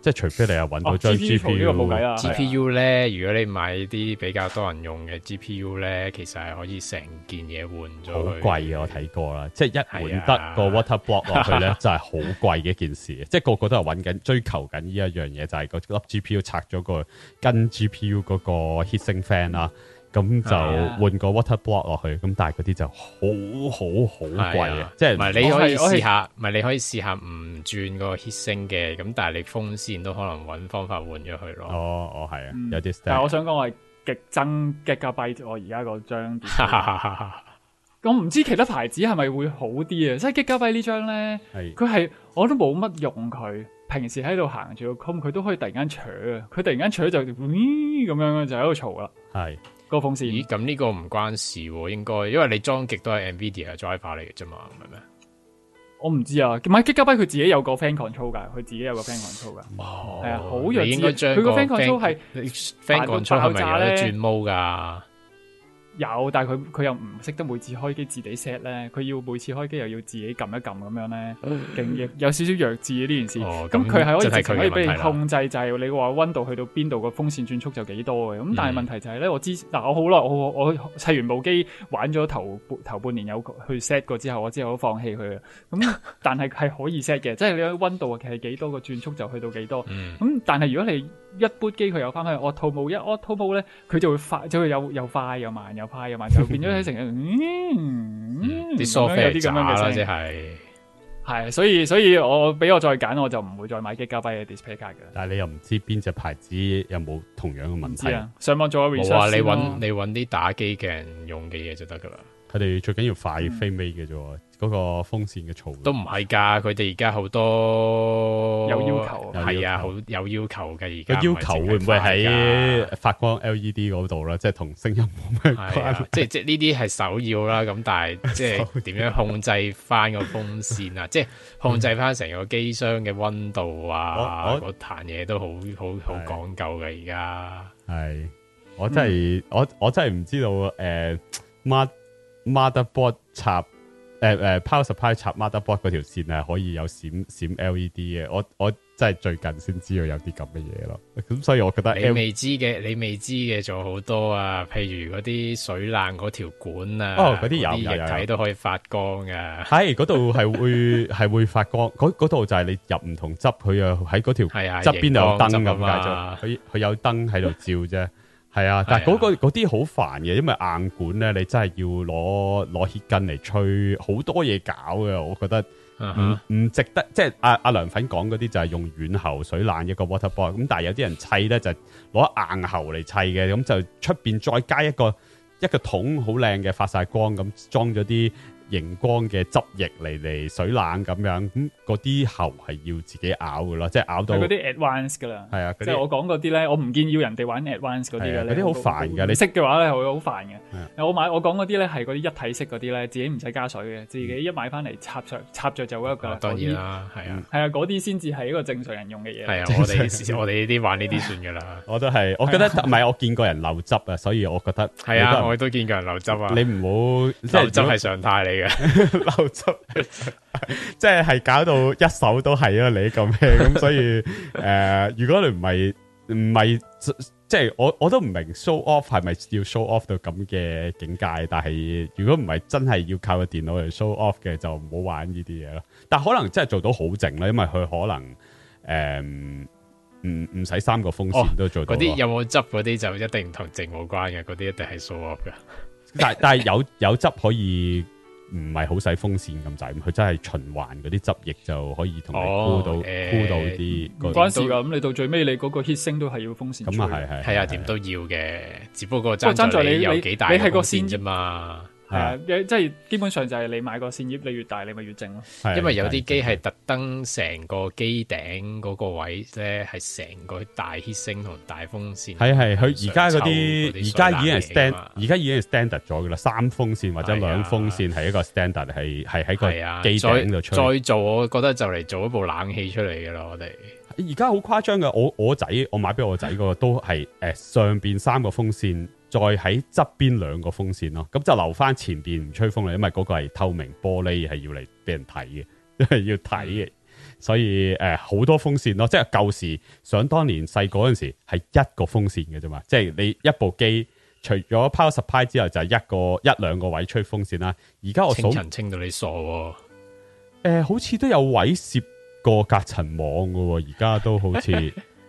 即係除非你係揾到張 G P U GPU 咧、哦啊啊，如果你買啲比較多人用嘅 G P U 咧，其實係可以成件嘢換咗。好貴嘅我睇過啦、啊，即係一換得個 water block 落去咧、啊，就係好貴嘅一件事。 <laughs> 即係個個都係揾緊追求緊呢一樣嘢，就係、是、個粒 G P U 拆咗個跟 G P U 嗰個 hitting fan 啦。咁就換個 water block 落去，咁、啊、但係嗰啲就好好好貴啊！即係唔係你可以試下，唔係你可以試下唔轉個 heat sink 嘅，咁但係你風扇都可能揾方法換咗佢咯。哦哦，係啊，有、嗯、啲但係我想講我係極憎 Gigabyte，我而家個張，我唔知其他牌子係咪會好啲啊？即係 Gigabyte 呢張咧，佢係我都冇乜用佢，平時喺度行住個空，佢都可以突然間取啊！佢突然間取就咁樣就喺度嘈啦，係。嗰風扇？咦，咁呢個唔關事喎，應該，因為你裝極都係 NVIDIA 嘅 driver 嚟嘅啫嘛，係咩？我唔知啊，唔係，Gigabyte 佢自己有個 fan control 噶，佢自己有個 fan control 噶，係、哦、啊，好弱智，應該將佢個 fan control 係 fan control 係咪有得轉毛噶？有，但佢佢又唔識得每次開機自己 set 咧，佢要每次開機又要自己撳一撳咁樣咧，勁 <laughs> 有少少弱智呢件事。咁佢係可以可以俾你控制，就係你話溫度去到邊度個風扇轉速就幾多嘅。咁、嗯嗯、但係問題就係、是、咧，我之嗱我好耐，我我砌完部機玩咗頭頭半年有去 set 過之後，我之後都放棄佢啦。咁、嗯、 <laughs> 但係係可以 set 嘅，即係你溫度其實幾多個轉速就去到幾多。咁、嗯嗯、但係如果你一 boot 機佢又翻去，我套帽一我套帽咧佢就會快，就會有又快又慢又。快嘅嘛，就變咗成日嗯，啲疏廢嘅啦，即係，係，所以所以我俾我再揀，我就唔會再買機加牌嘅 display 卡噶。但係你又唔知邊隻牌子有冇同樣嘅問題？ <laughs> yeah, 上網做下 research。我話你揾 <laughs> 你揾啲打機嘅人用嘅嘢就得噶啦。佢哋最緊要快，嗯，飛尾嘅啫喎，嗰，那個風扇嘅嘈都唔係噶，佢哋而家好多有要求，係啊，好有要求嘅而家。啊、要求，在要求不是是會唔會喺發光 LED 嗰度啦？即係同聲音冇咩關係，啊，即係即係呢啲係首要啦。咁 <laughs> 但係即係點樣控制翻個風扇啊？ <laughs> 即係控制翻成個機箱嘅溫度啊？嗰壇嘢都好好好講究嘅。而家係我真係，嗯、我我真係唔知道誒，乜、呃？motherboard 插誒誒、呃、power supply 插 motherboard 嗰條線係可以有閃閃 LED 嘅，我我真係最近先知道有啲咁嘅嘢咯。咁所以我覺得 L... 你未知嘅你未知嘅仲有好多啊，譬如嗰啲水冷嗰條管啊，哦嗰啲有液體有有有都可以發光噶，係嗰度係會係 <laughs> 會發光，嗰度就係你入唔同執佢啊，喺嗰條係啊側邊度有燈咁解咗，佢佢有燈喺度照啫。係啊，但係、那、嗰個啲好煩嘅，因為硬管咧，你真係要攞攞鐵棍嚟吹，好多嘢搞嘅，我覺得唔唔值得。即係阿阿梁粉講嗰啲就係用軟喉水冷一個 water ball，咁但係有啲人砌咧就攞、是、硬喉嚟砌嘅，咁就出邊再加一個一個桶好靚嘅，發晒光咁裝咗啲。熒光嘅汁液嚟嚟水冷咁樣，嗰啲喉係要自己咬噶啦，即係咬到。嗰啲 advanced 噶啦，係啊，即係、就是、我講嗰啲咧，我唔建議人哋玩 advanced 嗰啲嘅咧。嗰啲好煩噶，你識嘅話咧，會好煩嘅。我買我講嗰啲咧，係嗰啲一體式嗰啲咧，自己唔使加水嘅、啊，自己一買翻嚟插著插，插著就有一個。啊、當然啦，係啊，係啊，嗰啲先至係一個正常人用嘅嘢。係啊，啊，啊，我哋我哋呢啲玩呢啲算噶啦、啊。我都係，我覺得唔係、啊，我見過人漏汁啊，所以我覺得係啊，我都見過人漏汁啊。你唔好漏汁係常態嚟。 <laughs> 漏汁，即係係搞到一手都係啊！你咁，咁所以誒、呃，如果你唔係唔係，即係、就是、我我都唔明 show off 係咪要 show off 到咁嘅境界？但係如果唔係真係要靠個電腦嚟 show off 嘅，就唔好玩呢啲嘢咯。但可能真係做到好靜啦，因為佢可能誒，唔唔使三個風扇都做到。嗰、哦、啲有冇汁？嗰啲就一定同靜冇關嘅，嗰啲一定係 show off 噶。但但係有有汁可以。唔係好使風扇咁滯，佢真係循環嗰啲汁液就可以同你鋪到鋪、哦、到啲。欸、到個關事，咁你到最尾你嗰個 heat sink 都係要風扇。咁啊係係。係啊，點都要嘅，只不過爭在你，在你，你有幾大風扇你個扇啫嘛。係啊，即係、啊、基本上就係你買個扇葉，你越大你咪越正咯。因為有啲機係特登成個機頂嗰個位咧，係成個大 heatsink 同大風扇。係啊係，佢而家嗰啲而家已經係 stand，而家已經係 standard 咗噶啦。三風扇或者兩風扇係一個 standard，係係喺個機頂度出、啊再。再做我覺得就嚟做一部冷氣出嚟噶啦，我哋。而家好誇張嘅，我我仔我買俾我仔嗰個都係誒 <laughs> 上邊三個風扇。再喺側邊兩個風扇咯，咁就留翻前邊唔吹風啦，因為嗰個係透明玻璃，係要嚟俾人睇嘅，係要睇嘅，所以誒好、呃、多風扇咯，即係舊時想當年細個嗰陣時係一個風扇嘅啫嘛，即係你一部機除咗 Power supply 之後就係、是、一個一兩個位吹風扇啦。而家我數清塵清到你傻、哦，誒、呃，好似都有位設個隔塵網噶，而家都好似。 <laughs>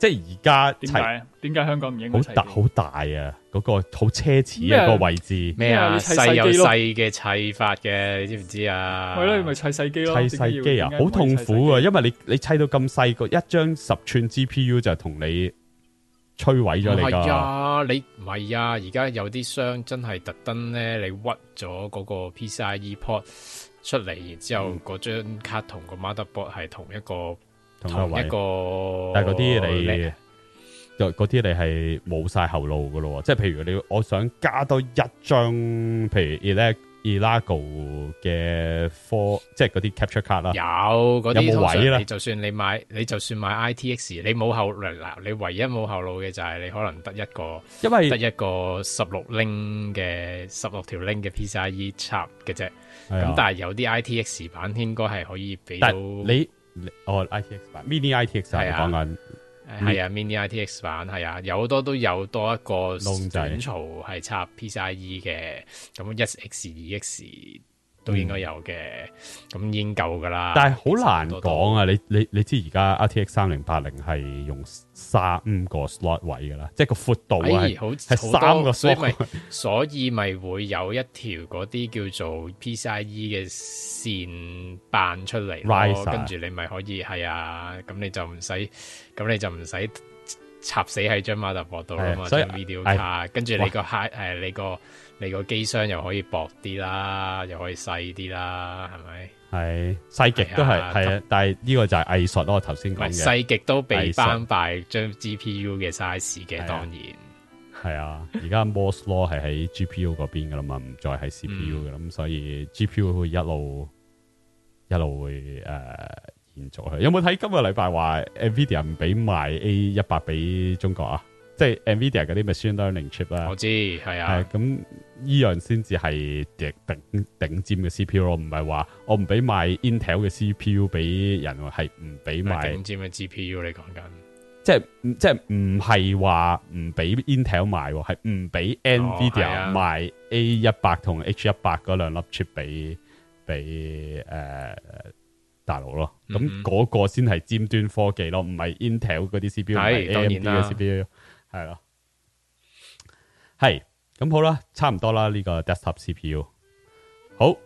即係而家，點解？點解香港唔應該好大好大啊！嗰、嗰個好奢侈呀、啊！嗰、嗰個位置咩啊？細有細嘅砌法嘅，你知唔知啊？係、就是、咯，你咪砌細機咯。砌細機啊，好痛苦啊！因為你你砌到咁細個，一張十寸 G P U 就同你摧毀咗你噶、哎。你唔係啊！而家有啲箱真係特登咧，你屈咗嗰個 P C I E port 出嚟，然之後嗰張卡同個 motherboard 係同一個。同埋一,一個，但係嗰啲你嗰啲你係冇晒後路噶咯，嗯，即係譬如你我想加多一張，譬如 Elec、Elego 嘅 Four 即係嗰啲 Capture card 啦。有嗰啲位通常你就算你買，你就算買 ITX，你冇後路嗱，你唯一冇後路嘅就係你可能得一個，因為得一個十六 link 嘅十六條 link 嘅 PCIe 插嘅啫。咁但係有啲 ITX 版應該係可以俾到你。哦，mini ITX 版 ITX 版係啊，係啊，mini ITX 版係啊，啊，Mi- 啊，有好多都有多一個弄仔槽係插 PCIe 嘅，咁一 X 二 X。都應該有嘅，咁應夠噶啦。但係好難講啊！你你你知而家 R T X 三零八零係用三五個 slot 位噶啦，即、就、係、是、個寬度係、哎、好似係三個，o t 咪所以咪 <laughs> 會有一條嗰啲叫做 P C I E 嘅線扮出嚟，跟住你咪可以係啊，咁你就唔使，咁你就唔使。插死喺張 mother board 度啊嘛，張 video 卡、啊啊，跟住你個 high 誒，你個你個機箱又可以薄啲啦，又可以細啲啦，係咪？係細極都係係啊，啊，但係呢個就係藝術咯，我頭先講嘅。細極都被翻敗張 G P U 嘅 size 嘅，啊，當然係啊。而家 Moore's Law 係喺 G P U 嗰邊噶啦嘛，唔再係 C P U 噶啦咁，嗯，所以 G P U 會一路一路會誒。呃延續佢有冇睇今個禮拜話 NVIDIA 唔俾賣 A 一百俾中國啊？即係 NVIDIA 嗰啲 machine learning chip 啦。我知係啊，咁依樣先至係頂尖嘅 CPU 咯，唔係話我唔俾賣 Intel 嘅 CPU 俾人係唔俾賣。頂尖嘅 GPU 你講緊，即係即係唔係話唔俾 Intel 賣，係唔俾 NVIDIA、哦啊、賣 A 一百同 H 一百嗰兩粒 chip 俾俾誒。大佬咯，咁、那、嗰個先係尖端科技咯，唔係 Intel 嗰啲 CPU，唔係 AMD 嘅 CPU，係咯，係咁好啦，差唔多啦呢、這個 desktop CPU，好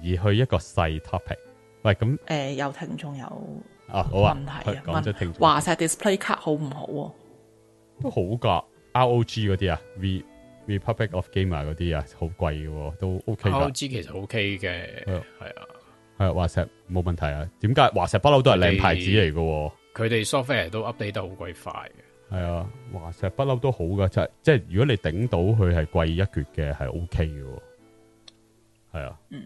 而去一個細 topic，喂咁誒有聽眾有，有啊好啊，問，聽眾問題講真停，華碩 display card 好唔好啊？都好噶，ROG 嗰啲啊，Republic of Gamer 嗰啲啊，好貴嘅，都 OK 嘅，ROG 其實 OK 嘅，係啊。係啊，華碩冇問題啊？點解華碩不嬲都係靚牌子嚟嘅？佢哋 software 都 update 得好鬼快嘅。係啊，華碩不嬲都好噶，就即係如果你頂到佢係貴一橛嘅，係 OK 嘅。係啊，嗯，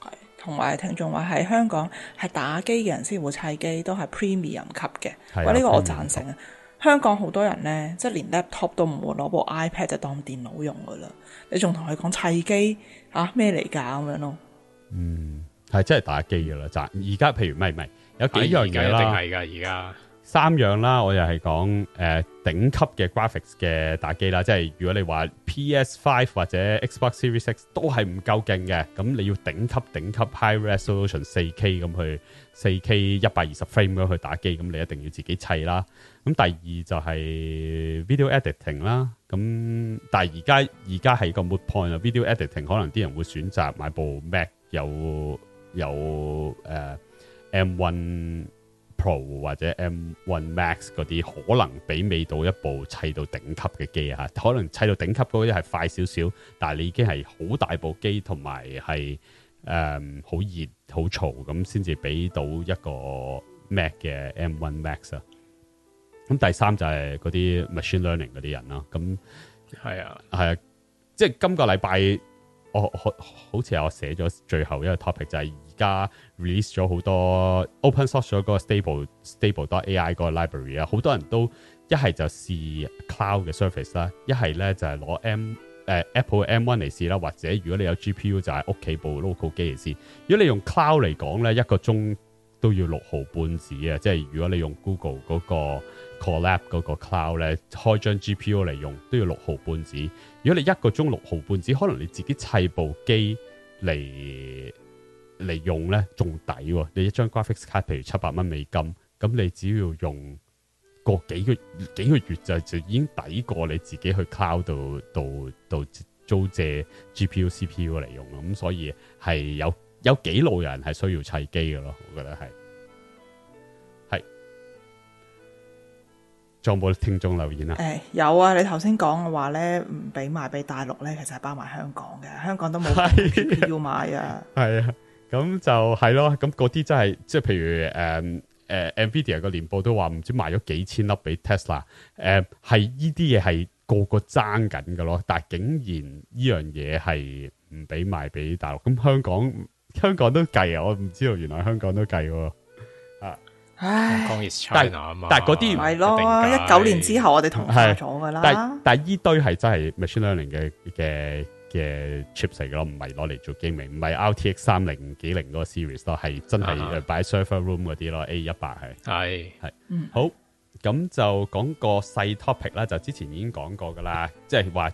係同埋聽眾話喺香港係打機嘅人先會砌機，都係 premium 級嘅、係啊。喂，呢、呢個我贊成啊！香港好多人咧，即係連 laptop 都唔會攞部 iPad 就當電腦用噶啦，你仲同佢講砌機吓咩嚟噶咁樣咯？嗯。係真係打機噶啦，就而家譬如咪咪有幾樣嘢一定係噶而家三樣啦，我又係講誒、呃、頂級嘅 graphics 嘅打機啦，即係如果你話 PS Five 或者 Xbox Series X 都係唔夠勁嘅，咁你要頂級頂級 high resolution 四 K 咁去四 K 一百二十 frame 咁去打機，咁你一定要自己砌啦。咁第二就係 video editing 啦，咁但係而家而家係個 moot point video editing 可能啲人會選擇買部 Mac 有。有誒 M1 Pro 或者 M1 Max 啲，可能媲美到一部砌到頂級嘅機啊，吓，可能砌到頂級啲係快少少，但係你已經係好大部機同埋係誒好熱好嘈咁，先至俾到一個 Mac 嘅 M1 Max 啊。咁第三就係啲 machine learning 啲人啦。咁係啊，係啊，即係今個禮拜我好好似係我寫咗最後一個 topic 就係、是。而家 release 咗好多 open source 咗個 stable stable 多 AI 嗰個 library 啊，好多人都一係就試 cloud 嘅 service 啦，一係咧就係攞 M 誒 Apple M One 嚟試啦，或者如果你有 GPU 就喺屋企部 local 機嚟試。如果你用 cloud 嚟講咧，一個鐘都要六毫半紙啊。即係如果你用 Google 嗰個 Collab 嗰個 cloud 咧，開張 GPU 嚟用都要六毫半紙。如果你一個鐘六毫半紙，可能你自己砌部機嚟嚟用咧，仲抵喎，你一張 graphics card，譬如七百蚊美金，咁你只要用過幾個幾個月就就已經抵過你自己去 cloud 度度租借 GPU、CPU 嚟用。咁所以係有有幾路人係需要砌機嘅咯，我覺得係係仲有冇聽眾留言啊？誒、欸，有啊，你頭先講嘅話咧，唔俾賣俾大陸咧，其實係包埋香港嘅，香港都冇要買啊，係啊。咁就係咯，咁嗰啲真係即係，譬如誒、嗯呃、NVIDIA 個年報都話唔知賣咗幾千粒俾 Tesla，誒係依啲嘢係個個爭緊㗎咯，但竟然依樣嘢係唔俾賣俾大陸，咁香港香港都計啊！我唔知道原來香港都計喎啊！唉但嗰啲唔係咯，一九年之後我哋同化咗噶啦，但係依堆係真係 Machine Learning 嘅嘅。嘅 chip 嚟嘅咯，唔係攞嚟做 gaming，唔係 RTX 三零幾零嗰個 series 咯，係真係擺、uh-huh. 呃、server room 嗰啲咯，A100 係係好咁就講個細 topic 啦，就之前已經講過噶啦，即係話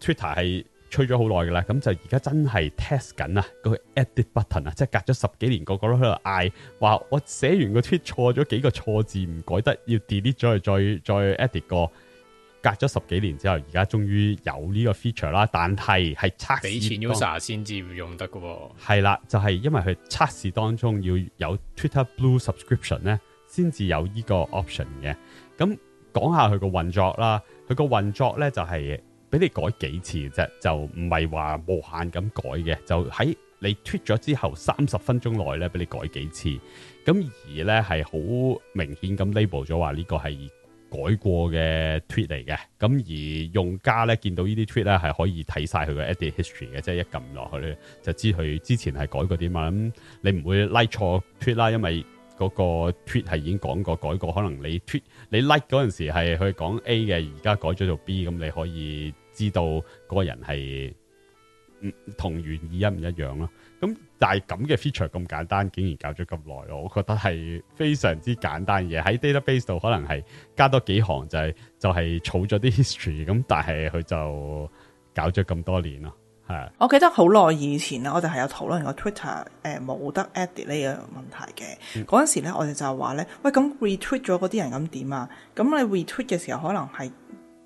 Twitter 係吹咗好耐噶啦，咁就而家真係 test 緊啊，嗰個 edit button 啊，即係隔咗十幾年個個都喺度嗌話，我寫完個 tweet 錯咗幾個錯字唔改得，要 delete 咗去再再 edit 過。隔咗十幾年之後，而家終於有呢個 feature 啦，但係係測試，俾錢 user 先至用得喎、哦。係啦，就係、是、因為佢測試當中要有 Twitter Blue subscription 咧，先至有呢個 option 嘅。咁講下佢個運作啦，佢個運作咧就係、是、俾你改幾次啫，就唔係話無限咁改嘅，就喺你 tweet 咗之後三十分鐘內咧俾你改幾次。咁而咧係好明顯咁 label 咗話呢個係改過嘅 tweet 嚟嘅，咁而用家咧見到呢啲 tweet 咧係可以睇晒佢嘅 edit history 嘅，即係一撳落去咧就知佢之前係改過啲嘛，咁、嗯、你唔會 like 錯 tweet 啦，因為嗰個 tweet 係已經講過改過，可能你 tweet 你 like 嗰陣時係去講 A 嘅，而家改咗做 B，咁你可以知道嗰個人係同原意一唔一樣咯。但係咁嘅 feature 咁簡單，竟然搞咗咁耐，我覺得係非常之簡單嘅。喺 database 度，可能係加多幾行就係、係、就係儲咗啲 history 咁，但係佢就搞咗咁多年咯，係啊。我記得好耐以前我哋係有討論個 Twitter 誒冇得 edit 呢個問題嘅。嗰、嗯、陣時咧，我哋就係話咧，喂咁 retweet 咗嗰啲人咁點啊？咁你 retweet 嘅時候可能係。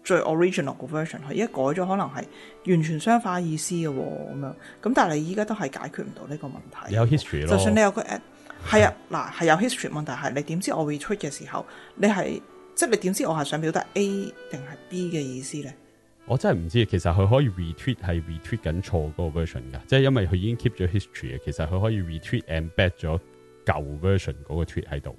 最 original 個 version，佢而家改咗，可能係完全相反意思嘅咁樣。咁但係你依家都係解決唔到呢個問題。有 history，咯？就算你有個 at，係啊，嗱、okay. 係有 history 問題，係你點知我 retweet 嘅時候，你係即係你點知我係想表達 A 定係 B 嘅意思咧？我真係唔知，其實佢可以 retweet 係 retweet 緊錯嗰個 version 㗎，即係因為佢已經 keep 咗 history 嘅。其實佢可以 retweet and back 咗舊 version 嗰個 tweet 喺度。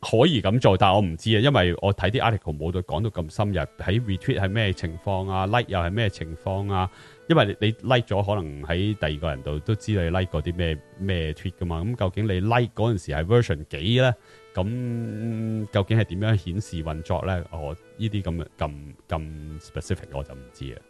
可以咁做，但我唔知啊，因為我睇啲 article 冇到講到咁深入。喺 retweet 係咩情況啊？like 又係咩情況啊？因為你 like 咗，可能喺第二個人度都知你 like 過啲咩咩 tweet 噶嘛。咁、嗯、究竟你 like 嗰陣時係 version 幾咧？咁、嗯、究竟係點樣顯示運作咧？我呢啲咁嘅咁咁 specific，我就唔知啊。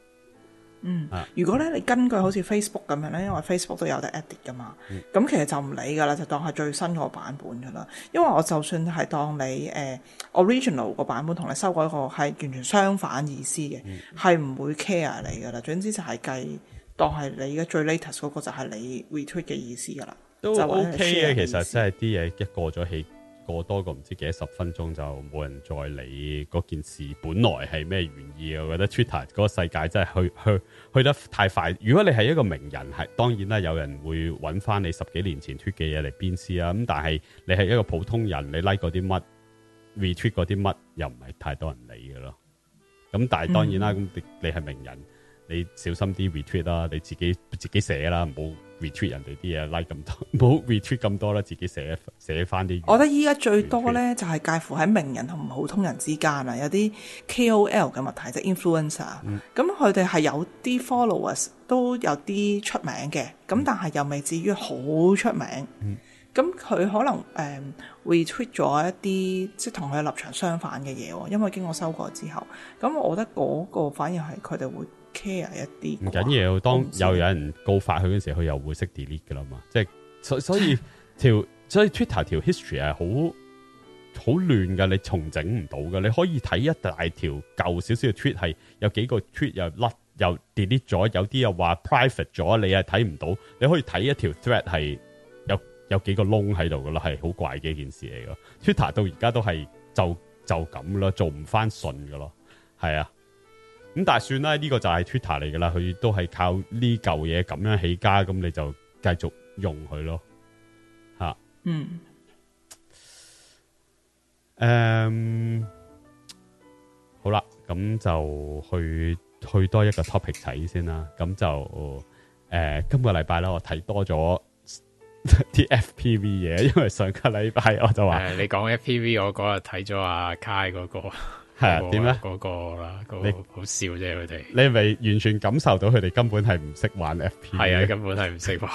嗯，如果咧你根據好似 Facebook 咁樣咧，因為 Facebook 都有得 edit 噶嘛，咁、嗯、其實就唔理噶啦，就當係最新個版本噶啦。因為我就算係當你誒、eh, original 個版本同你修改個係完全相反的意思嘅，係、嗯、唔會 care 你噶啦。總之就係計當係你嘅最 latest 個就係你 retweet 嘅意思噶啦，都 OK、係、嘅。其實真係啲嘢一過咗氣。過多個唔知幾多十分鐘就冇人再理嗰件事，本來係咩原意？我覺得 Twitter 嗰個世界真係去去去得太快。如果你係一個名人，係當然啦，有人會揾翻你十幾年前 tweet 嘅嘢嚟鞭屍啊。咁但係你係一個普通人，你 like 嗰啲乜，retweet 嗰啲乜，又唔係太多人理嘅咯。咁但係當然啦，咁、嗯、你你係名人，你小心啲 retweet 啦，你自己自己寫啦，唔好。retweet 人哋啲嘢 like 咁多，冇 retweet 咁多啦，自己寫寫返啲。我覺得依家最多咧，retweet，就係介乎喺名人同普通人之間啦。有啲 KOL 嘅問題，即係 influencer，咁佢哋係有啲 followers 都有啲出名嘅，咁、嗯、但係又未至於好出名。咁、嗯、佢可能、嗯、retweet 咗一啲即係同佢立場相反嘅嘢，因為經過修改之後，咁我覺得嗰個反而係佢哋會，care 一啲，唔緊要。當有有人告發佢嗰陣時候，佢又會識 delete 噶啦嘛。即係所所以，所以 <laughs> 條所以 Twitter 條 history 係好好亂噶，你重整唔到噶。你可以睇一大條舊少少嘅 tweet，係有幾個 tweet 又甩又 delete 咗，有啲又話 private 咗，你係睇唔到。你可以睇一條 thread 係有有幾個窿喺度噶啦，係好怪嘅一件事嚟噶。Twitter 到而家都係就就咁啦，做唔翻順噶咯，係啊。咁但係算啦，呢個就係 Twitter 嚟噶啦，佢都係靠呢舊嘢咁樣起家，咁你就繼續用佢咯，吓，嗯，誒，好啦，咁就去去多一個 topic 睇先啦，咁就誒今個禮拜啦，我睇多咗啲 FPV 嘢，因為上個禮拜我就話，你講 FPV，我嗰日睇咗阿 Kai 嗰個。係、那個、啊，點咧嗰個啦，那個好笑啫，佢哋你咪們完全感受到佢哋根本係唔識玩 FPV。係啊，根本係唔識玩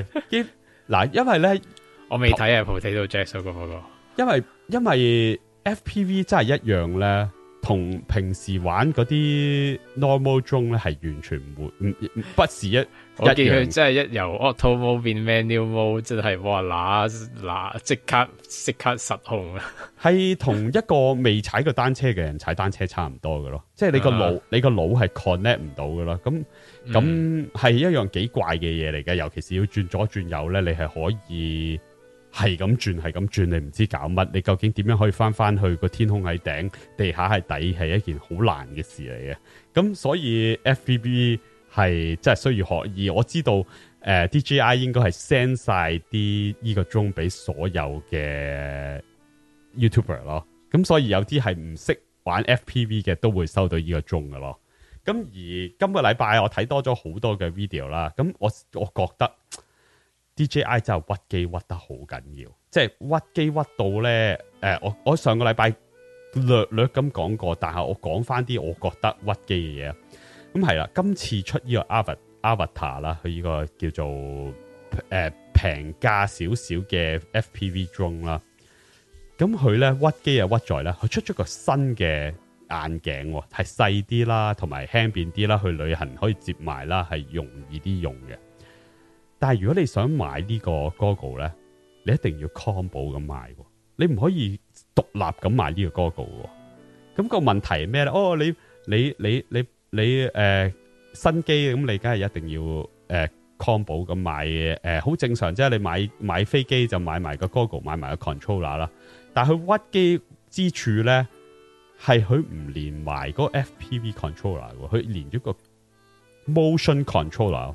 <laughs> <laughs> 係係，嗱， <laughs> 因為咧，我未睇啊，部睇到 Jazz 嗰個。因為因為 F P V 真係一樣咧。同平時玩嗰啲 normal drone 咧係完全唔會，唔不是一。我見佢真係一由 auto mode 變 manual mode，、嗯、真係哇嗱嗱，即刻即刻失控，係同一個未踩過單車嘅人踩單車差唔多㗎咯，即、就、係、是、你個腦、啊、你個腦係 connect 唔到㗎咯。咁咁係一樣幾怪嘅嘢嚟嘅，尤其是要轉左轉右咧，你係可以。係咁轉，係咁轉，你唔知搞乜，你究竟點樣可以翻翻去個天空係頂，地下係底，係一件好難嘅事嚟嘅。咁所以 FPV 係真係需要學嘢。而我知道誒、呃，DJI 應該係 send 晒啲呢個 drone 俾所有嘅 YouTuber 咯。咁所以有啲係唔識玩 FPV 嘅都會收到呢個 drone 噶咯。咁而今個禮拜我睇多咗好多嘅 video 啦。咁我我覺得。DJI 真係屈機屈得好緊要，即係屈機屈到咧。誒，我我上個禮拜略略咁講過，但係我講翻啲我覺得屈機嘅嘢。咁係啦，今次出呢個 Avatar 啦，佢呢個叫做誒，平價少少嘅 FPV Drone 啦。咁佢咧屈機又屈在咧，佢出咗個新嘅眼鏡，係細啲啦，同埋輕便啲啦，去旅行可以接埋啦，係容易啲用嘅。但係如果你想買呢個 Goggle 咧，你一定要 combo 咁買，你唔可以獨立咁買呢個 Goggle 嘅。咁個問題係咩咧？哦，你你你你你誒新機咁，你梗係一定要誒 combo 咁買嘅。誒好正常，即係你買買飛機就買埋個 Goggle，買埋個 controller 啦。但係佢屈機之處咧，係佢唔連埋個 FPV controller，佢連咗個 motion controller。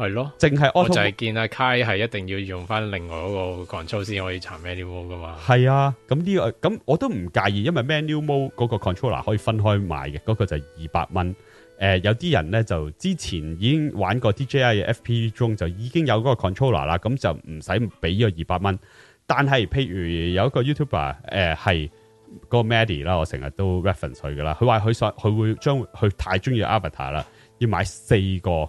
係咯，淨係我就係見阿 Kay 係一定要用翻另外嗰個 controller 先可以查 menu mode 嘅嘛。係啊，咁呢、呢個咁我都唔介意，因為 menu mode 嗰個 controller 可以分開賣嘅，嗰、嗰個就二百蚊。誒、呃，有啲人咧，就之前已經玩過 DJI FPV 中就已經有嗰個 controller 啦，咁就唔使俾咗二百蚊。但係譬如有一個 YouTuber 誒係嗰個 Maddie 啦，我成日都 reference 佢噶啦，佢話佢想佢會將佢太中意 avatar 啦，要買四個。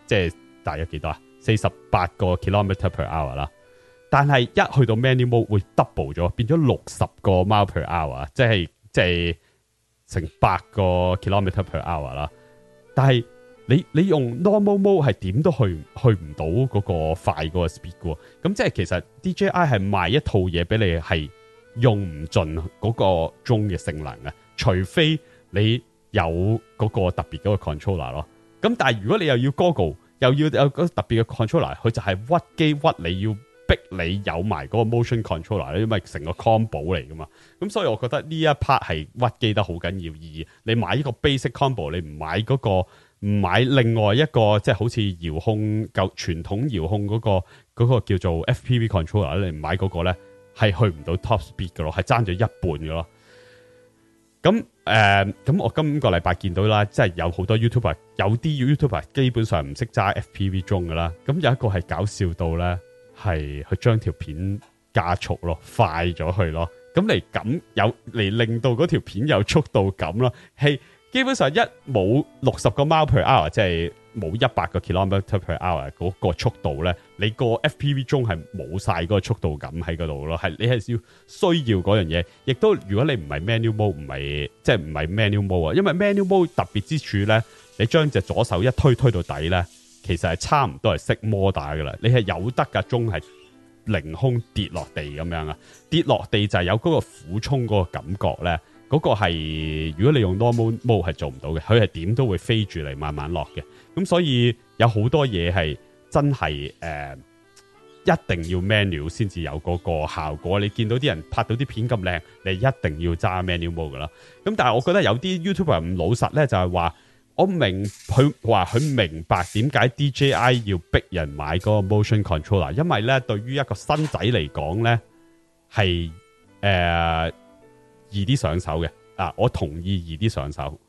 即係大約幾多啊？四十八個 kilometer per hour 啦，但係一去到 many mode 會 double 咗，變咗六十個 mile per hour，即係即係成百個 kilometer per hour 啦。但係你你用 normal mode 係點都去去唔到嗰個快嗰個 speed 嘅，咁即係其實 DJI 係賣一套嘢俾你係用唔盡嗰個 drone 嘅性能嘅，除非你有嗰個特別嗰個 controller 咯。咁但係如果你又要 goggle 又要有個特別嘅 controller，佢就係屈機屈你，要逼你有埋嗰個 motion controller，因為成個 combo 嚟噶嘛。咁所以我覺得呢一 part 係屈機得好緊要。而你買一個 basic combo，你唔買嗰個，唔買另外一個，即係好似遙控舊傳統遙控嗰個嗰個叫做 FPV controller，你唔買嗰個咧，係去唔到 top speed 嘅咯，係爭咗一半嘅咯。咁誒咁，我今個禮拜見到啦，即係有好多 YouTuber，有啲 YouTuber 基本上唔識揸 FPVdrone 噶啦，咁有一個係搞笑到咧，係去將條片加速咯，快咗去咯，咁嚟咁有嚟令到嗰條片有速度感啦，嘿。基本上一冇六十個 mile per hour，即係冇一百個 kilometer per hour 嗰個速度咧，你個 FPV 鐘係冇晒嗰個速度感喺嗰度咯。係你係要需要嗰樣嘢，亦都如果你唔係 manual mode，唔係即係唔係 manual mode 啊，因為 manual mode 特別之處咧，你將隻左手一推推到底咧，其實係差唔多係熄摩打噶啦。你係有得架鐘係凌空跌落地咁樣啊，跌落地就係有嗰個俯衝嗰個感覺咧。嗰、那個係如果你用 normal mode 係做唔到嘅，佢係點都會飛住嚟慢慢落嘅。咁所以有好多嘢係真係誒、呃，一定要 manual 先至有嗰個效果。你見到啲人拍到啲片咁靚，你一定要揸 manual mode 噶啦。咁但係我覺得有啲 YouTuber 唔老實咧，就係、是、話我明佢話佢明白點解 DJI 要逼人買嗰個 motion controller，因為咧對於一個新仔嚟講咧係誒。二啲上手嘅啊，我同意易啲上手，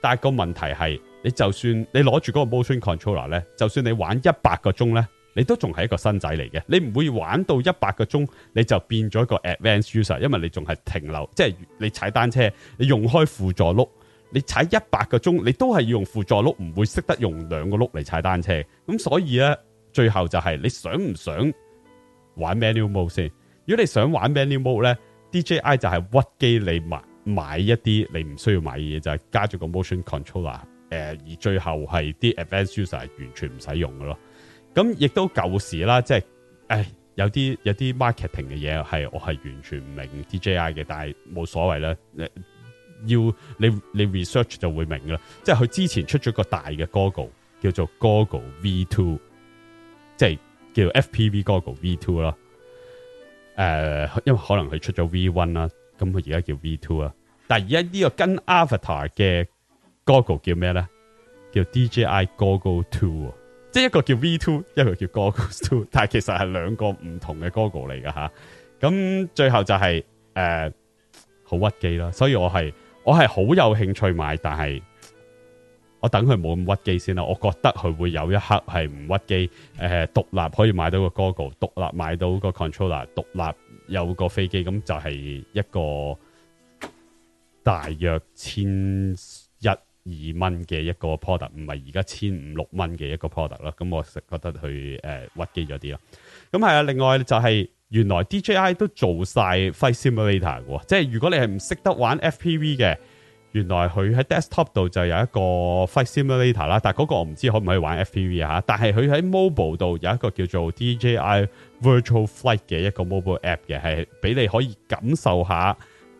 但係個問題係，你就算你攞住嗰個 motion controller 咧，就算你玩一百個鐘咧，你都仲係一個新仔嚟嘅，你唔會玩到一百個鐘你就變咗一個 advanced user，因為你仲係停留，即係你踩單車你用開輔助碌，你踩一百個鐘你都係要用輔助碌，唔會識得用兩個碌嚟踩單車，咁所以咧最後就係你想唔想玩 manual mode 先？如果你想玩 manual mode 咧？DJI 就係屈機，你買買一啲你唔需要買嘅嘢就係、是、加咗個 motion controller，誒、呃、而最後係啲 advanced user 係完全唔使用㗎咯。咁亦都舊時啦，即係誒有啲有啲 marketing 嘅嘢係我係完全唔明 DJI 嘅，但係冇所謂啦。呃、要你你 research 就會明㗎啦。即係佢之前出咗個大嘅 Google 叫做 Google V Two，即係叫 FPV Google V Two 啦。誒、呃，因為可能佢出咗 V1 啦，咁佢而家叫 V2 啊，但係而家呢個跟 Avatar 嘅 Goggle 叫咩咧？叫 DJI Goggle Two，即係一個叫 V2，一個叫 Goggle Two，但係其實係兩個唔同嘅 Goggle 嚟噶吓。咁最後就係誒好屈機啦，所以我係我係好有興趣買，但係。我等佢冇咁屈機先啦，我覺得佢會有一刻係唔屈機，誒、呃、獨立可以買到個 g o g l o，獨立買到個 controller，獨立有個飛機，咁就係一個大約千一二蚊嘅一個 p r o d u c t，唔係而家千五六蚊嘅一個 p r o d u c 啦。咁我覺得佢誒、呃、屈機咗啲咯。咁係啊，另外就係原來 DJI 都做曬 f i g h t simulator，即係如果你係唔識得玩 FPV 嘅。原來佢喺 desktop 度就有一個 flight simulator 啦，但係嗰個我唔知可唔可以玩 FPV 啊。但係佢喺 mobile 度有一個叫做 DJI Virtual Flight 嘅一個 mobile app 嘅，係俾你可以感受下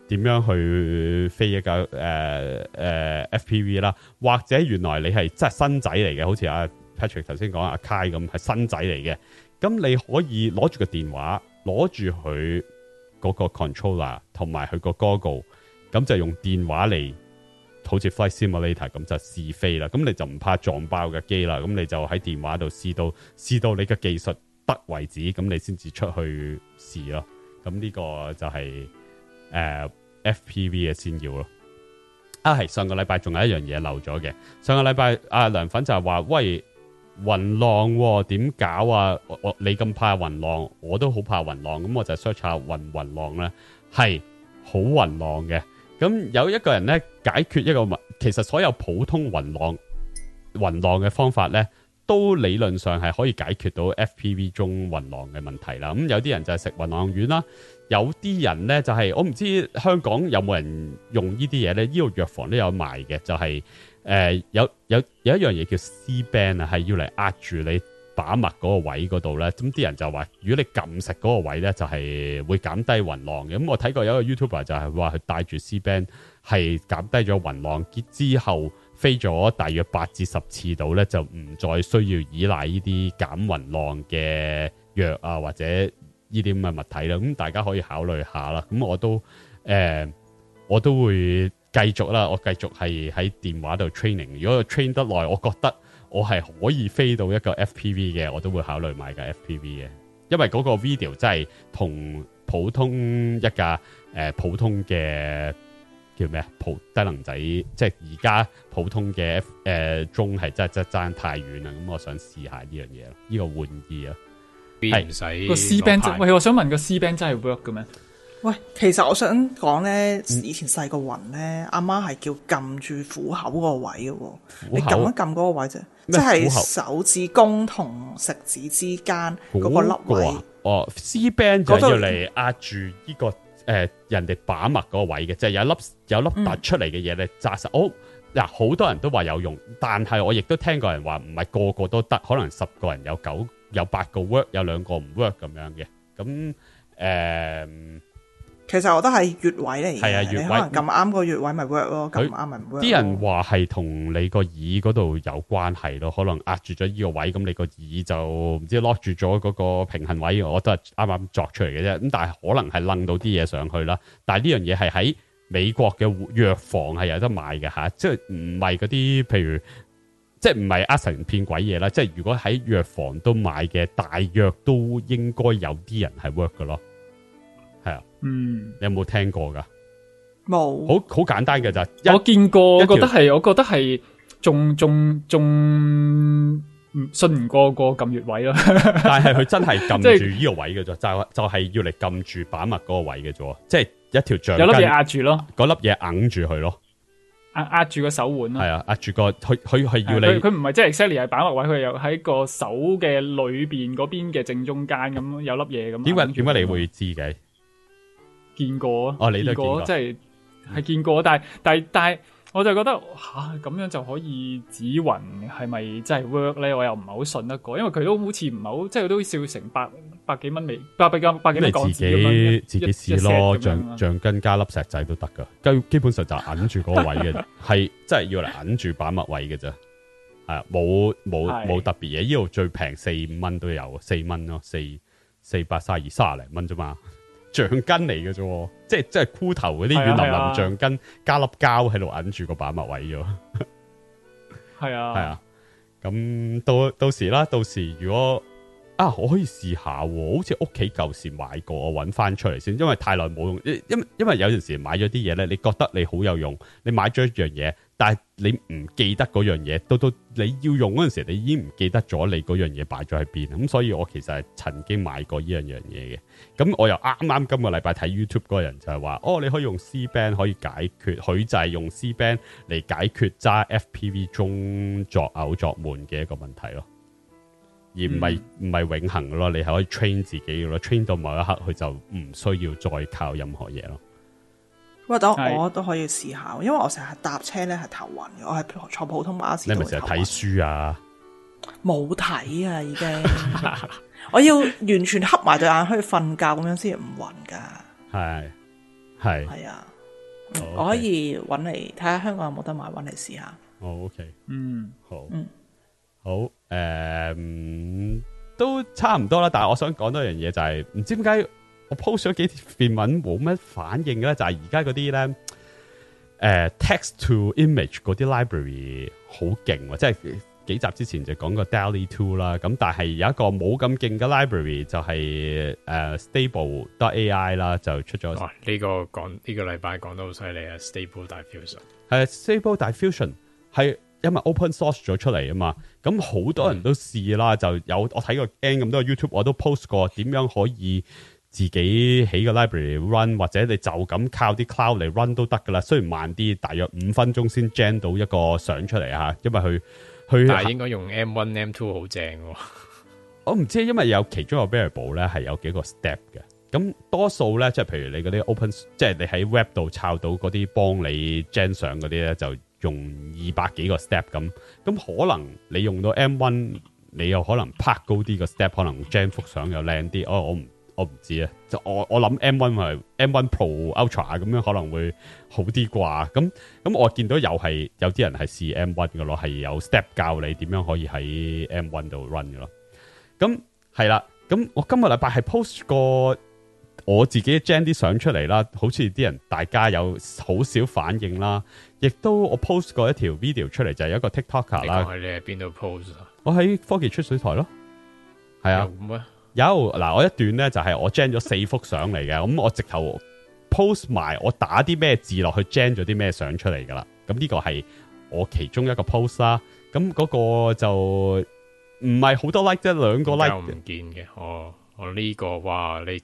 點樣去飛一架、呃呃、FPV 啦。或者原來你係即係新仔嚟嘅，好似阿、啊、Patrick 頭先講阿 Kai 咁係新仔嚟嘅，咁你可以攞住個電話，攞住佢嗰個 controller 同埋佢個 Goggle，咁就用電話嚟。好似 Fly Simulator 咁就試飛啦，咁你就唔怕撞爆嘅機啦，咁你就喺電話度試到試到你嘅技術得為止，咁你先至出去試咯。咁呢個就係、是、誒、呃、FPV 嘅先要咯。啊，係上個禮拜仲有一樣嘢漏咗嘅。上個禮拜阿、啊、梁粉就係話：喂，雲浪點、哦、搞啊？我我你咁怕雲浪，我都好怕雲浪。咁我就 search 下雲雲浪啦，係好雲浪嘅。咁有一個人咧，解決一個問題，其實所有普通暈浪暈浪嘅方法咧，都理論上係可以解決到 FPV 中暈浪嘅問題啦。咁有啲人就係食暈浪丸啦，有啲人咧就係、是、我唔知香港有冇人用呢啲嘢咧，呢、這個藥房都有賣嘅，就係、是、誒、呃、有有有，有一樣嘢叫 C-band 啊，係要嚟壓住你。把脈嗰個位嗰度咧，咁啲人就話：如果你撳實嗰個位咧，就係會減低雲浪嘅。咁我睇過有個 YouTuber 就係話佢帶住 C band 係減低咗雲浪，結之後飛咗大約八至十次度咧，就唔再需要依賴呢啲減雲浪嘅藥啊或者呢啲咁嘅物體啦。咁大家可以考慮下啦。咁我都誒、欸、我都會繼續啦。我繼續係喺電話度 training。如果 train 得耐，我覺得。我係可以飛到一個 FPV 嘅，我都會考慮買架 FPV 嘅，因為嗰個 video 真係同普通一架誒、呃、普通嘅叫咩啊，普低能仔，即係而家普通嘅誒 drone 係真真爭、就是、太遠啦。咁我想試下呢樣嘢呢個玩意啊，係唔使個 C band。喂，我想問個 C band 真係 work 嘅咩？喂，其實我想講咧，以前細個雲咧，阿媽係叫撳住虎口嗰個位按按個位嘅，你撳一撳嗰個位啫。即係手指公同食指之間嗰個粒位個、啊，哦，C band、那個、就是、要嚟壓住呢個誒、呃、人哋把脈嗰個位嘅，即、就、係、是、有粒有粒凸出嚟嘅嘢咧扎實。好、嗯，嗱、啊、好多人都話有用，但係我亦都聽過人話唔係個個都得，可能十個人有九有八個 work，有兩個唔 work 咁樣嘅。咁誒。呃其實我都係穴位嚟嘅，係啊，穴位，你可能咁啱個穴位咪 work 咯，咁啱咪 work。啲人話係同你個耳嗰度有關係咯，可能壓住咗依個位，咁你個耳就唔知 lock 住咗嗰個平衡位，我都係啱啱作出嚟嘅啫。咁但係可能係擸到啲嘢上去啦。但係呢樣嘢係喺美國嘅藥房係有得賣嘅嚇，即係唔係嗰啲譬如即係唔係壓成片鬼嘢啦。即係如果喺藥房都買嘅大約，都應該有啲人係 work 嘅咯。係啊，嗯，你有冇聽過噶？冇，好好簡單嘅咋。我見過，覺得係，我覺得係，仲仲仲信唔過個撳穴位咯。但係佢真係撳住呢個位嘅啫，就就係要嚟撳住把脈嗰個位嘅啫。即係一條橡有粒嘢壓住咯，嗰粒嘢硬住佢咯。壓壓住個手腕咯！係啊，壓住個，佢佢係要你，佢唔係即係 exactly 係把脈位，佢又喺個手嘅裏邊嗰邊嘅正中間咁，有粒嘢咁。點解點解你會知嘅？見過啊！哦，你都見過，見過，嗯、即係係見過，但係、嗯、但係但係，我就覺得嚇咁、啊、樣就可以指雲係咪真係 work 咧？我又唔係好信得過，因為佢都好似唔係好，即係都笑成百百幾蚊尾，百幾百幾蚊港紙咁樣，自己自己試咯，橡橡筋加粒石仔都得噶，基基本上就揞住嗰個位嘅，係即係要嚟揞住把乜位嘅啫，係冇冇冇特別嘢。呢度最平四五蚊都有，四蚊咯，四四百三二卅零蚊啫嘛。橡筋嚟嘅啫，即係即係箍頭嗰啲軟腍腍橡筋加粒膠喺度揞住個板襪位咗，係啊，係 <laughs> 啊，咁到到時啦，到時如果啊，我可以試下，啊，好似屋企舊時買過，我揾翻出嚟先，因為太耐冇用，因為因為有陣時買咗啲嘢咧，你覺得你好有用，你買咗一樣嘢。但係你唔記得嗰樣嘢，到到你要用嗰陣時，你已經唔記得咗你嗰樣嘢擺咗喺邊。咁所以我其實係曾經買過呢樣樣嘢嘅。咁我又啱啱今個禮拜睇 YouTube 嗰個人就係話，哦，你可以用 C band 可以解決，佢就係用 C band 嚟解決揸 FPV 中作嘔作悶嘅一個問題咯。而唔係唔係永恆嘅咯，你係可以 train 自己嘅咯，train 到某一刻佢就唔需要再靠任何嘢咯。我都我都可以試下，因為我成日搭車咧係頭暈嘅，我係坐普通巴士的。你咪成日睇書啊？冇睇啊，已經。 <laughs> 我要完全黑埋對眼去以瞓覺咁樣先唔暈噶。係係係啊！我可以揾嚟睇下香港有冇得買，揾嚟試下。O、oh, K，、okay. 嗯，好，嗯，好。誒、嗯，都差唔多啦。但係我想講多樣嘢就係、是，唔知點解。我 post 咗幾篇文冇乜反應咧，就係而家嗰啲咧，誒、呃、text to image 嗰啲 library 好勁啊！即係幾集之前就講過 DALL-E Two 啦，咁但係有一個冇咁勁嘅 library 就係誒 Stable Diffusion 啦，就，是呃、AI, 就出咗呢、這個講呢、這個禮拜講得好犀利啊！Stable Diffusion Stable Diffusion 係因為 open source 咗出嚟啊嘛，咁好多人都試啦、嗯，就有我睇過 N 咁多的 YouTube 我都 post 過點樣可以。自己起個 library run 或者你就咁靠啲 cloud 嚟 run 都得噶啦，雖然慢啲，大約五分鐘先 gen 到一個相出嚟嚇，因為佢佢但係應該用 M One M Two 好正喎、哦。我唔知，因為有其中一個個 variable 咧係有幾個 step 嘅，咁多數咧即係譬如你嗰啲 open 即係你喺 web 度抄到嗰啲幫你 gen 相嗰啲咧，就用二百幾個 step 咁，咁可能你用到 M One，你又可能拍高啲個 step，可能 gen 幅相又靚啲，哦我唔。我我唔知啊，就我我諗 M1 咪 M1 Pro Ultra 咁樣可能會好啲啩，咁咁我見到又係有啲人係試 M1 噶咯，係有 step 教你點樣可以喺 M1 度 run 噶咯，咁係啦，咁我今日禮拜係 post 過我自己張啲相出嚟啦，好似啲人大家有好少反應啦，亦都我 post 過一條 video 出嚟就係有一個 TikToker 啦，你喺邊度 post？我喺科技出水台咯，係啊。有嗱，我一段咧就係我 gen 咗四幅相嚟嘅，咁我直頭 post 埋我打啲咩字落去 gen 咗啲咩相出嚟噶啦。咁呢個係我其中一個 post 啦。咁嗰個就唔係好多 like，即兩個 like。唔見嘅，哦，我呢個哇，你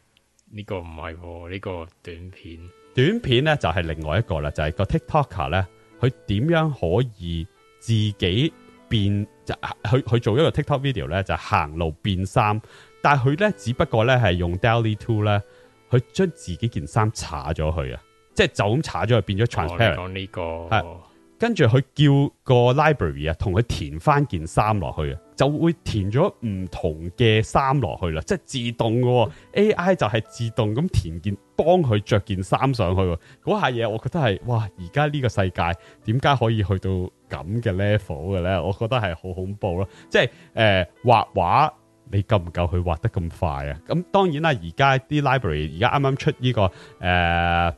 呢個唔係呢個短片？短片咧就係另外一個啦，就係個 TikToker 咧，佢點樣可以自己變，就去去做一個 TikTok video 咧，就行路變衫。但係佢咧，只不過咧係用 DALL-E 2咧，佢將自己件衫擦咗去啊，即係就咁擦咗，變咗 transparent。講呢個，係跟住佢叫個 library 啊，同佢填翻件衫落去啊，就會填咗唔同嘅衫落去啦，即係自動喎、哦。AI 就係自動咁填件幫佢着件衫上去。嗰下嘢，我覺得係哇，而家呢個世界點解可以去到咁嘅 level 嘅咧？我覺得係好恐怖咯，即係誒畫畫。呃畫畫你夠唔夠佢畫得咁快啊？咁當然啦，而家啲 library 而家啱啱出呢、這個誒、呃、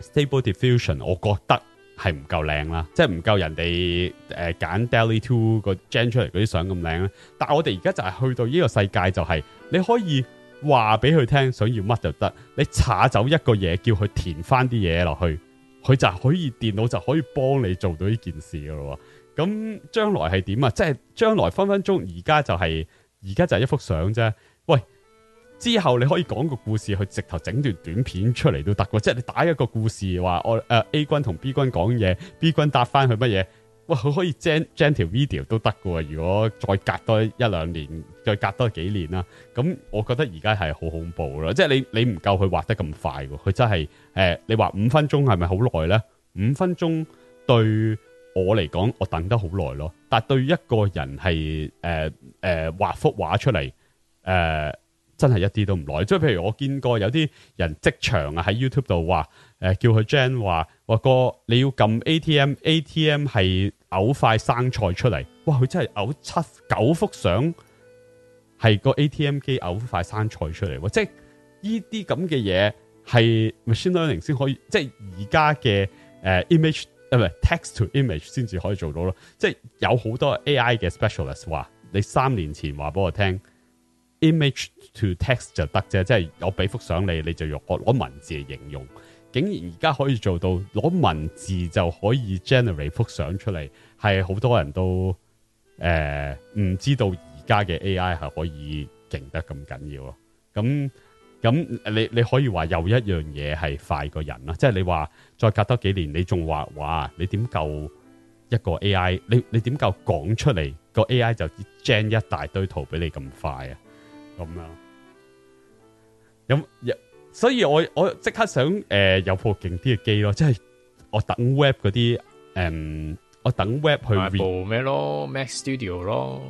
Stable Diffusion，我覺得係唔夠靚啦，即係唔夠人哋誒揀 DALL-E 2個 generate 出嚟嗰啲相咁靚啦。但係我哋而家就係去到呢個世界，就係你可以話俾佢聽，想要乜就得，你查走一個嘢，叫佢填翻啲嘢落去，佢就可以電腦就可以幫你做到呢件事噶咯。咁將來係點啊？即係將來分分鐘而家就係、是。而家就係一幅相啫，喂，之後你可以講個故事去直頭整段短片出嚟都得嘅，即係你打一個故事話我誒 A 君同 B 君講嘢，B 君答翻佢乜嘢，喂，佢可以 gen 條 video 都得嘅，如果再隔多一兩年，再隔多幾年啦，咁我覺得而家係好恐怖啦，即係你、你唔夠佢畫得咁快，佢真係誒你話五分鐘係咪好耐咧？五分鐘對，我嚟講，我等得好耐咯。但對一個人係誒誒畫幅畫出嚟，誒、呃、真係一啲都唔耐。即係譬如我見過有啲人即場啊喺 YouTube 度話，誒、呃、叫佢 Jan 話，話個你要撳 ATM，ATM 係嘔塊生菜出嚟。哇！佢真係嘔七九幅相，係個 ATM 機嘔塊生菜出嚟。即係呢啲咁嘅嘢，係 machine learning 先可以。即係而家嘅誒 image。誒，text to image 先至可以做到咯，即係有好多 AI 嘅 specialist 話，你三年前話俾我聽 image to text 就得啫，即係我俾幅相你，你就用我攞文字嚟形容，竟然而家可以做到攞文字就可以 generate 幅相出嚟，係好多人都誒唔、呃、知道而家嘅 AI 係可以勁得咁緊要咯，咁。咁你你可以話有一樣嘢係快個人啦，即係你話再隔多幾年，你仲話哇，你點夠一個 A I，你你點夠講出嚟個 A I 就 gen 一大堆圖俾你咁快啊？咁啊，咁所以我我即刻想誒、呃、有部勁啲嘅機咯，即、就、係、是、我等 web 嗰啲誒，我等 web 去做 re- 咩咯？Mac Studio 咯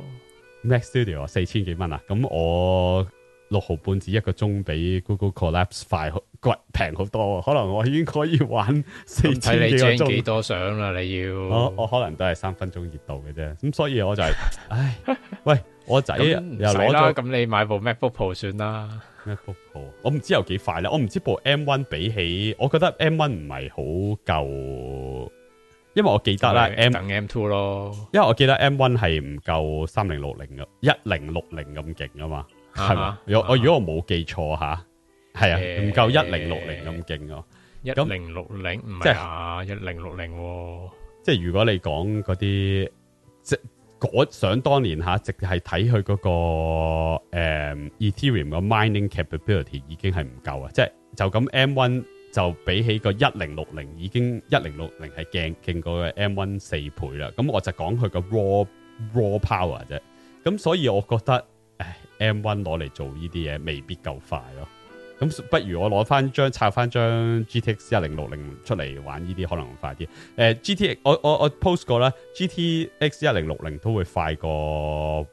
，Mac Studio 四千幾蚊啊？咁我。六毫半字一個鐘，比 Google Colab 快，貴平好多啊。可能我已經可以玩四千幾個鐘。睇你張幾多相啦、啊，你要我我可能都係三分鐘熱度嘅啫。咁所以我就係、是、 <laughs> 唉喂，我仔又攞咗咁你買部 MacBook Pro 算啦。MacBook Pro 我唔知有幾快啦。我唔知部 M One 比起，我覺得 M One 唔係好夠，因為我記得啦 M 2 M Two 咯。因為我記得 M One 係唔夠三零六零咁一零六零咁勁啊嘛。係嘛？如果我如果我冇記錯吓，係啊，唔夠一零六零咁勁咯。一零六零，即係一零六零。即、欸、係、就是啊哦、如果你講嗰啲，即、就、嗰、是、想當年吓，直係睇佢嗰個誒、嗯、Ethereum 嘅 mining capability 已經係唔夠啊！即係就咁 M1 就比起個一零六零已經一零六零係勁勁過個 M1 四倍啦。咁我就講佢個 raw raw power 啫。咁所以我覺得。M1 攞嚟做呢啲嘢未必夠快咯，哦，咁不如我攞翻張拆翻張 GTX 一零六零出嚟玩呢啲可能會快啲。誒、呃、GTX 我我我 post 過啦，GTX 一零六零都會快過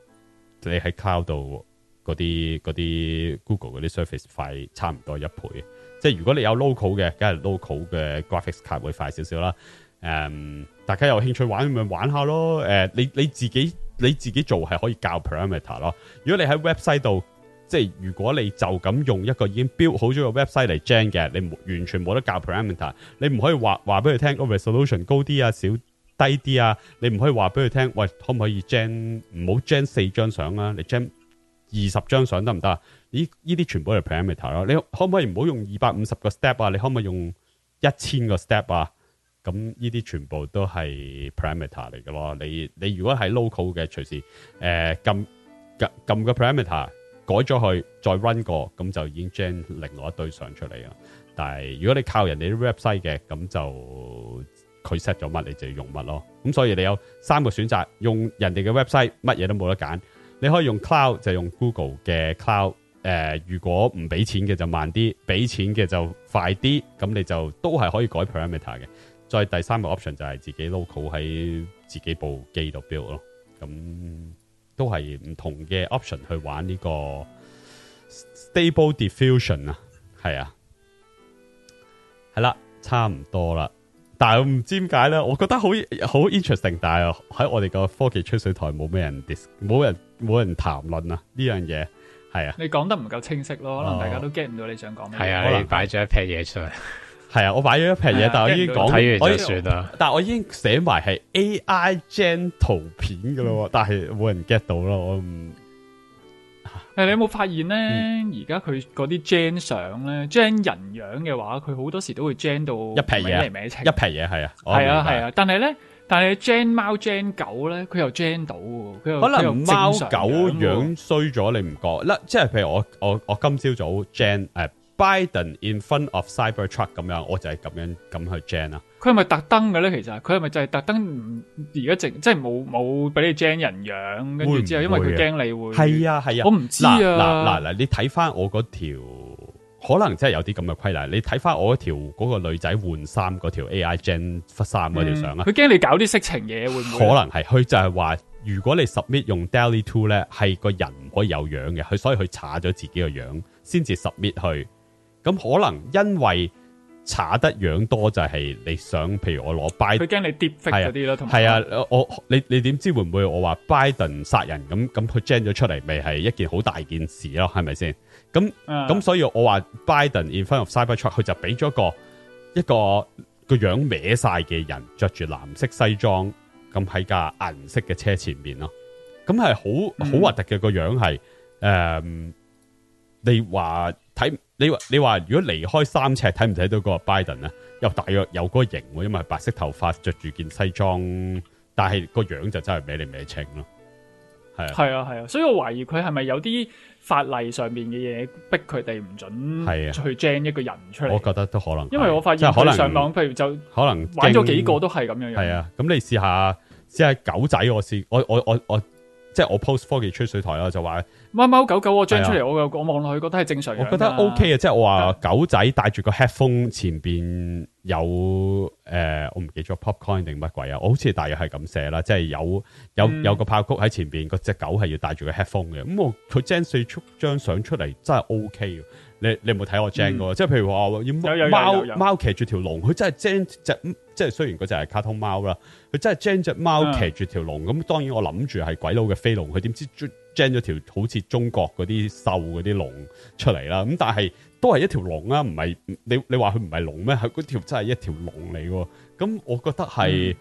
你喺 cloud 度嗰啲嗰啲 Google 嗰啲 surface 快差唔多一倍。即係如果你有 local 嘅，梗係 local 嘅 graphics 卡會快少少啦。誒、呃，大家有興趣玩咪玩下咯。誒、呃，你你自己。你自己做係可以較 parameter 咯。如果你喺 website 度，即係如果你就咁用一個已經 build 好咗個 website 嚟 gen 嘅，你完全冇得較 parameter。你唔可以話話俾佢聽個 resolution 高啲啊，少低啲啊。你唔可以話俾佢聽喂，可唔可以 gen 唔好 gen 四張相啊，你 gen 二十張相得唔得啊？呢啲全部係 parameter 咯。你可唔可以唔好用二百五十個 step 啊？你可唔可以用一千個 step 啊？咁呢啲全部都係 parameter 嚟嘅咯。你你如果喺 local 嘅，隨時誒撳撳個 parameter 改咗去，再 run 過，咁就已經將另外一堆相出嚟啊。但係如果你靠人哋啲 website 嘅，咁就佢 set 咗乜你就要用乜咯。咁所以你有三個選擇，用人哋嘅 website 乜嘢都冇得揀。你可以用 cloud 就用 Google 嘅 cloud。誒、呃，如果唔俾錢嘅就慢啲，俾錢嘅就快啲。咁你就都係可以改 parameter 嘅。再第三個 option 就係自己 local 喺自己部機度 build 咯，咁都係唔同嘅 option 去玩呢個 stable diffusion 啊，係啊，係啦，差唔多啦。但係我唔知點解咧，我覺得好好 interesting，但係喺我哋個科技吹水台冇咩人 dis 冇人冇人談論啊呢樣嘢，係啊。你講得唔夠清晰咯，可能大家都 get 唔到你想講咩。係、哦、啊，你擺咗一撇嘢出嚟。嗯 <laughs> 係啊，我買咗一皮嘢，但係我已經講，睇完就算啦。但係我已經寫埋係 AI Gen 圖片噶咯，但係冇人 get 到咯，我唔。誒，你有冇發現咧？而家佢嗰啲 Gen 相咧，Gen 人樣嘅話，佢好多時都會 Gen 到一皮嘢嚟，一皮嘢係啊，係啊，係啊。但係咧，但係 Gen 貓 Gen 狗咧，佢又 Gen 到嘅。可能貓狗樣衰咗，你唔覺？嗱，即係譬如我我我今朝早 Gen 誒。Biden in front of Cybertruck 咁樣，我就係咁樣咁去 gen 啊。佢係咪特登嘅咧？其實佢係咪就係特登唔而家淨即係冇冇俾你 gen 人樣，跟住之後因為佢驚你會係啊係啊。我唔知啊。嗱嗱嗱，你睇翻我嗰條，可能真係有啲咁嘅規例。你睇翻我一條嗰個女仔換衫嗰條 AI gen 忽衫嗰條相啊。佢、嗯、驚你搞啲色情嘢會唔會、啊？可能係，佢就係話如果你 submit 用 daily two 咧，係個人唔可以有樣嘅，佢所以佢查咗自己嘅樣，先至 submit 去。咁可能因為查得樣多就係你想，譬如我攞拜登，佢驚你 deepfake 嗰啲咯。係啊，同啊同我你你點知會唔會我話拜登殺人咁咁佢 gen 咗出嚟咪係一件好大件事咯？係咪先？咁咁、嗯、所以我話拜登 in front of Cybertruck 佢就俾咗一個一個個樣歪晒嘅人，着住藍色西裝，咁喺架銀色嘅車前面咯。咁係好好核突嘅個樣係，誒、嗯，你話。睇你說你話如果離開三尺睇唔睇到個拜登啊？又大約有個型，因為白色頭髮，着住件西裝，但係個樣就真係歪嚟歪清咯。係啊係啊係啊，所以我懷疑佢係咪有啲法例上面嘅嘢逼佢哋唔准去 gen 一個人出嚟、啊。我覺得都可能，因為我發現可能上網、啊，譬如就可能，說可能玩咗幾個都係咁樣樣。係啊，咁你試下試下狗仔我試，我我我我。我我即係我 post 科技吹水台啦，就話貓貓狗狗我張出嚟、啊，我我望落去覺得係正常嘅，我覺得 O、OK、K 啊。即係我話狗仔戴住個 headphone，前邊有誒、呃，我唔記得咗 popcorn 定乜鬼啊。我好似大約係咁寫啦，即係有有有，有、嗯嗯嗯 OK 嗯、有有有個炮穀喺前邊，個隻狗係要戴住個 headphone 嘅。咁我佢將四出張相出嚟真係 O K 嘅。你你有冇睇我精噶？即係譬如話要貓貓騎住條龍，佢真係精。即係雖然嗰隻係卡通貓啦，佢真係將隻貓騎住條龍，咁、嗯、當然我諗住係鬼佬嘅飛龍，佢點知將將咗條好似中國嗰啲瘦嗰啲龍出嚟啦，咁但係都係一條龍啦，唔係你你話佢唔係龍咩？佢嗰條真係一條龍嚟喎，咁我覺得係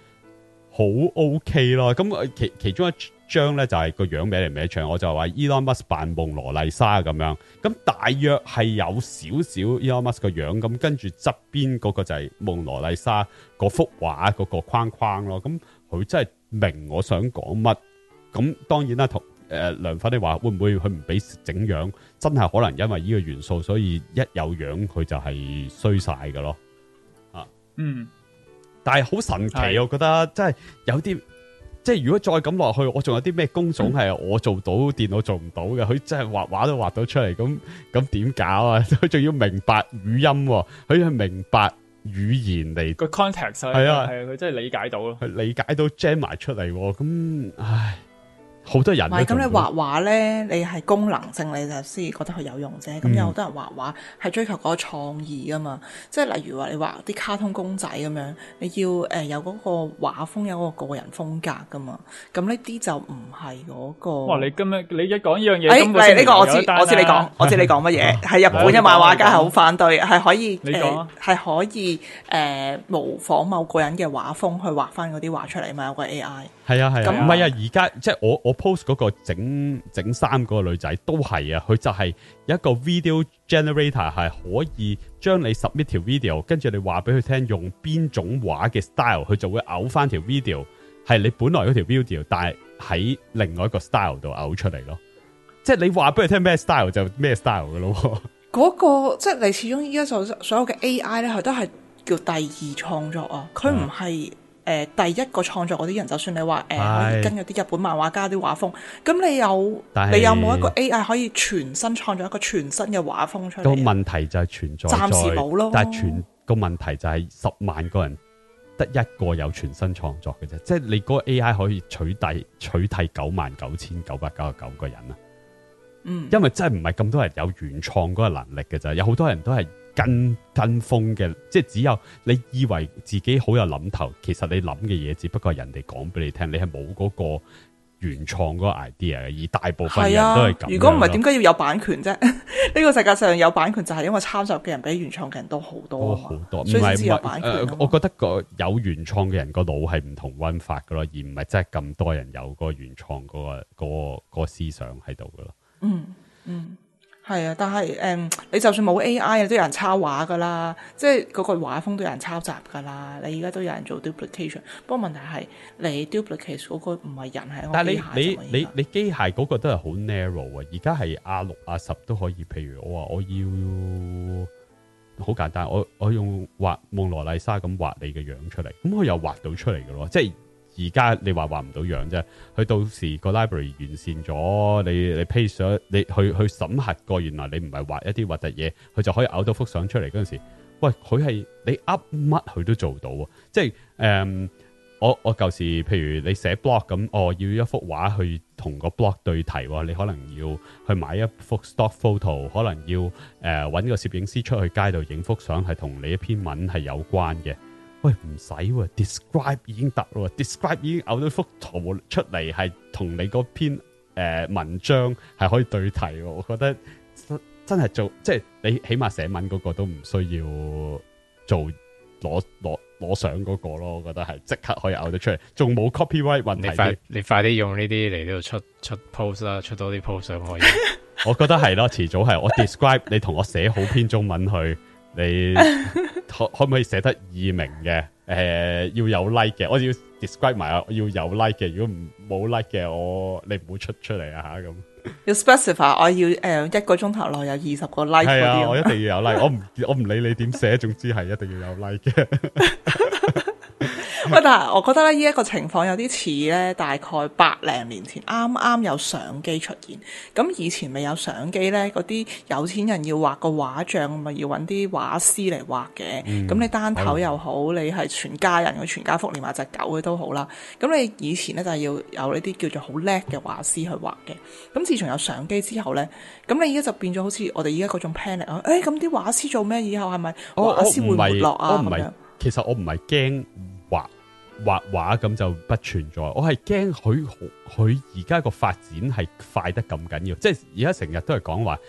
好 OK 啦。咁其其中一張咧就係、是、個樣畀人咩唱。我就話 Elon Musk 扮夢羅麗莎咁樣，咁大約係有少少 Elon Musk 個樣，咁跟住側邊嗰個就係夢羅麗莎嗰幅畫嗰個框框咯，咁佢真係明我想講乜，咁當然啦，同誒梁法啲話會唔會佢唔俾整樣，真係可能因為呢個元素，所以一有樣佢就係衰晒噶咯，啊，嗯，但係好神奇，我覺得真係有啲。即係如果再咁落去，我仲有啲咩工種係我做到，電腦做唔到嘅？佢真係畫畫都畫到出嚟，咁咁點搞啊？佢仲要明白語音，佢係明白語言嚟。個 context 係啊，係啊，佢真係理解到咯，佢理解到 jam 埋出嚟，咁唉。好多人唔係咁，你畫畫咧，你係功能性你就先覺得佢有用啫。咁、嗯、有好多人畫畫係追求嗰個創意噶嘛，即係例如話你畫啲卡通公仔咁樣，你要誒有嗰個畫風，有嗰個個人風格噶嘛。咁呢啲就唔係嗰個。哇！你今日你一講呢樣嘢，誒、哎，唔係呢個我知，我知你講，我知你講乜嘢。係 <laughs> 日本嘅漫畫家係好反對，係可以誒，係、啊、可以誒、呃呃、模仿某個人嘅畫風去畫翻嗰啲畫出嚟嘛？有個 A I 係啊，係。咁唔係啊，而家、啊啊啊、即係我我。我 post 嗰個整整三個女仔都係啊，佢就係一個 video generator 係可以將你 submit 條 video，跟住你話俾佢聽用邊種畫嘅 style，佢就會嘔翻條 video 係你本來嗰條 video，但係喺另外一個 style 度嘔出嚟咯。即係你話俾佢聽咩 style 就咩 style 噶咯。嗰個即係你始終依家所所有嘅 AI 咧，佢都係叫第二創作啊，佢唔係。嗯誒、呃，第一個創作嗰啲人，就算你話誒，呃、跟嗰啲日本漫畫家啲畫風，咁你有你有冇一個 AI 可以全新創作一個全新嘅畫風出嚟？個問題就係存在暫時冇咯。但係全個問題就係十萬個人得一個有全新創作嘅啫，即係你嗰個 AI 可以取代取代九萬九千九百九十九個人啊？嗯，因為真係唔係咁多人有原創嗰個能力嘅咋，有好多人都係。跟跟風嘅，即係只有你以為自己好有諗頭，其實你諗嘅嘢只不過人哋講俾你聽，你係冇嗰個原創嗰個 idea 而大部分人都係咁，啊。如果唔係，點解要有版權啫？呢 <laughs> 個世界上有版權就係因為抄襲嘅人比原創嘅人都好多、哦、好多，所以先有版權、呃。我覺得個有原創嘅人個腦係唔同温法噶咯，而唔係真係咁多人有個原創嗰、嗰個個、嗰個思想喺度噶咯。嗯嗯。係啊，但係誒、嗯，你就算冇 AI 啊，都有人抄畫㗎啦，即係嗰個畫風都有人抄襲㗎啦。你而家都有人做 duplication，不過問題係你 duplication 嗰個唔係人喺，但係你你你你，你機械嗰個都係好 narrow 啊。而家係阿六阿十都可以，譬如我話我要好簡單，我我用畫蒙羅麗莎咁畫你嘅樣出嚟，咁佢又畫到出嚟嘅咯，即而家你話畫唔到樣啫，佢到時個 library 完善咗，你你 paste 咗你去去審核過，原來你唔係畫一啲核突嘢，佢就可以咬到幅相出嚟嗰陣時。喂，佢係你 up 乜佢都做到喎，即係誒、嗯，我我舊時譬如你寫 blog 咁、哦，我要一幅畫去同個 blog 對題喎，你可能要去買一幅 stock photo，可能要誒揾、呃、個攝影師出去街度影幅相係同你一篇文係有關嘅。喂，唔使喎，describe 已經得咯，describe 已經嘔到幅圖出嚟，係同你嗰篇誒、呃、文章係可以對題喎。我覺得真真係做，即、就、係、是、你起碼寫文嗰個都唔需要做攞攞攞相嗰個咯。我覺得係即刻可以嘔得出嚟，仲冇 copyright 問題。你快你快啲用呢啲嚟呢度出出 post 啦、啊，出多啲 post 上可以。 <laughs> 我覺得係咯，遲早係我 describe 你同我寫好篇中文去。 <laughs> 你可可唔可以寫得易明嘅？誒、呃，要有 like 嘅，我要 describe 埋啊，要有 like 嘅。如果唔冇 like 嘅，我你唔好出出嚟、呃 like、啊！吓咁些。要 specify 我要誒一個鐘頭內有二十個 like。係啊，我一定要有 like <laughs> 我。我唔我唔理你點寫，總之係一定要有 like 嘅。 <laughs> 唔 <laughs> 但係，我覺得咧，依一個情況有啲似咧，大概百零年前啱啱有相機出現。咁以前未有相機咧，嗰啲有錢人要畫個畫，畫像，咪要搵啲畫師嚟畫嘅。咁、嗯、你單頭又好，嗯、你係全家人個全家福，連埋隻狗嘅都好啦。咁你以前咧就係要有呢啲叫做好叻嘅畫師去畫嘅。咁自從有相機之後咧，咁你而家就變咗好似我哋而家嗰種 plan 嚟啊！誒、欸，咁啲畫師做咩？以後係咪我畫師會沒落啊？其實我唔係驚。畫畫咁就不存在，我係驚佢佢而家個發展係快得咁緊要，即係而家成日都係講話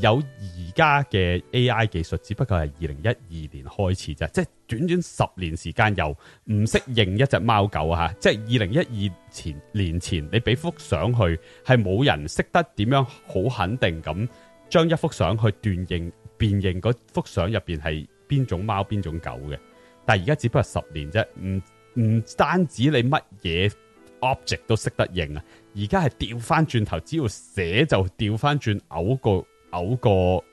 有而家嘅 AI 技術，只不過係二零一二年開始啫，即係短短十年時間又唔識認一隻貓狗吓，即係二零一二前年前你，你俾幅相去係冇人識得點樣好肯定咁將一幅相去斷認辨認嗰幅相入邊係邊種貓邊種狗嘅，但係而家只不過十年啫，唔、嗯。唔單止你乜嘢 object 都識得認啊，而家係掉返轉頭，只要寫就掉返轉，嘔個嘔個嘔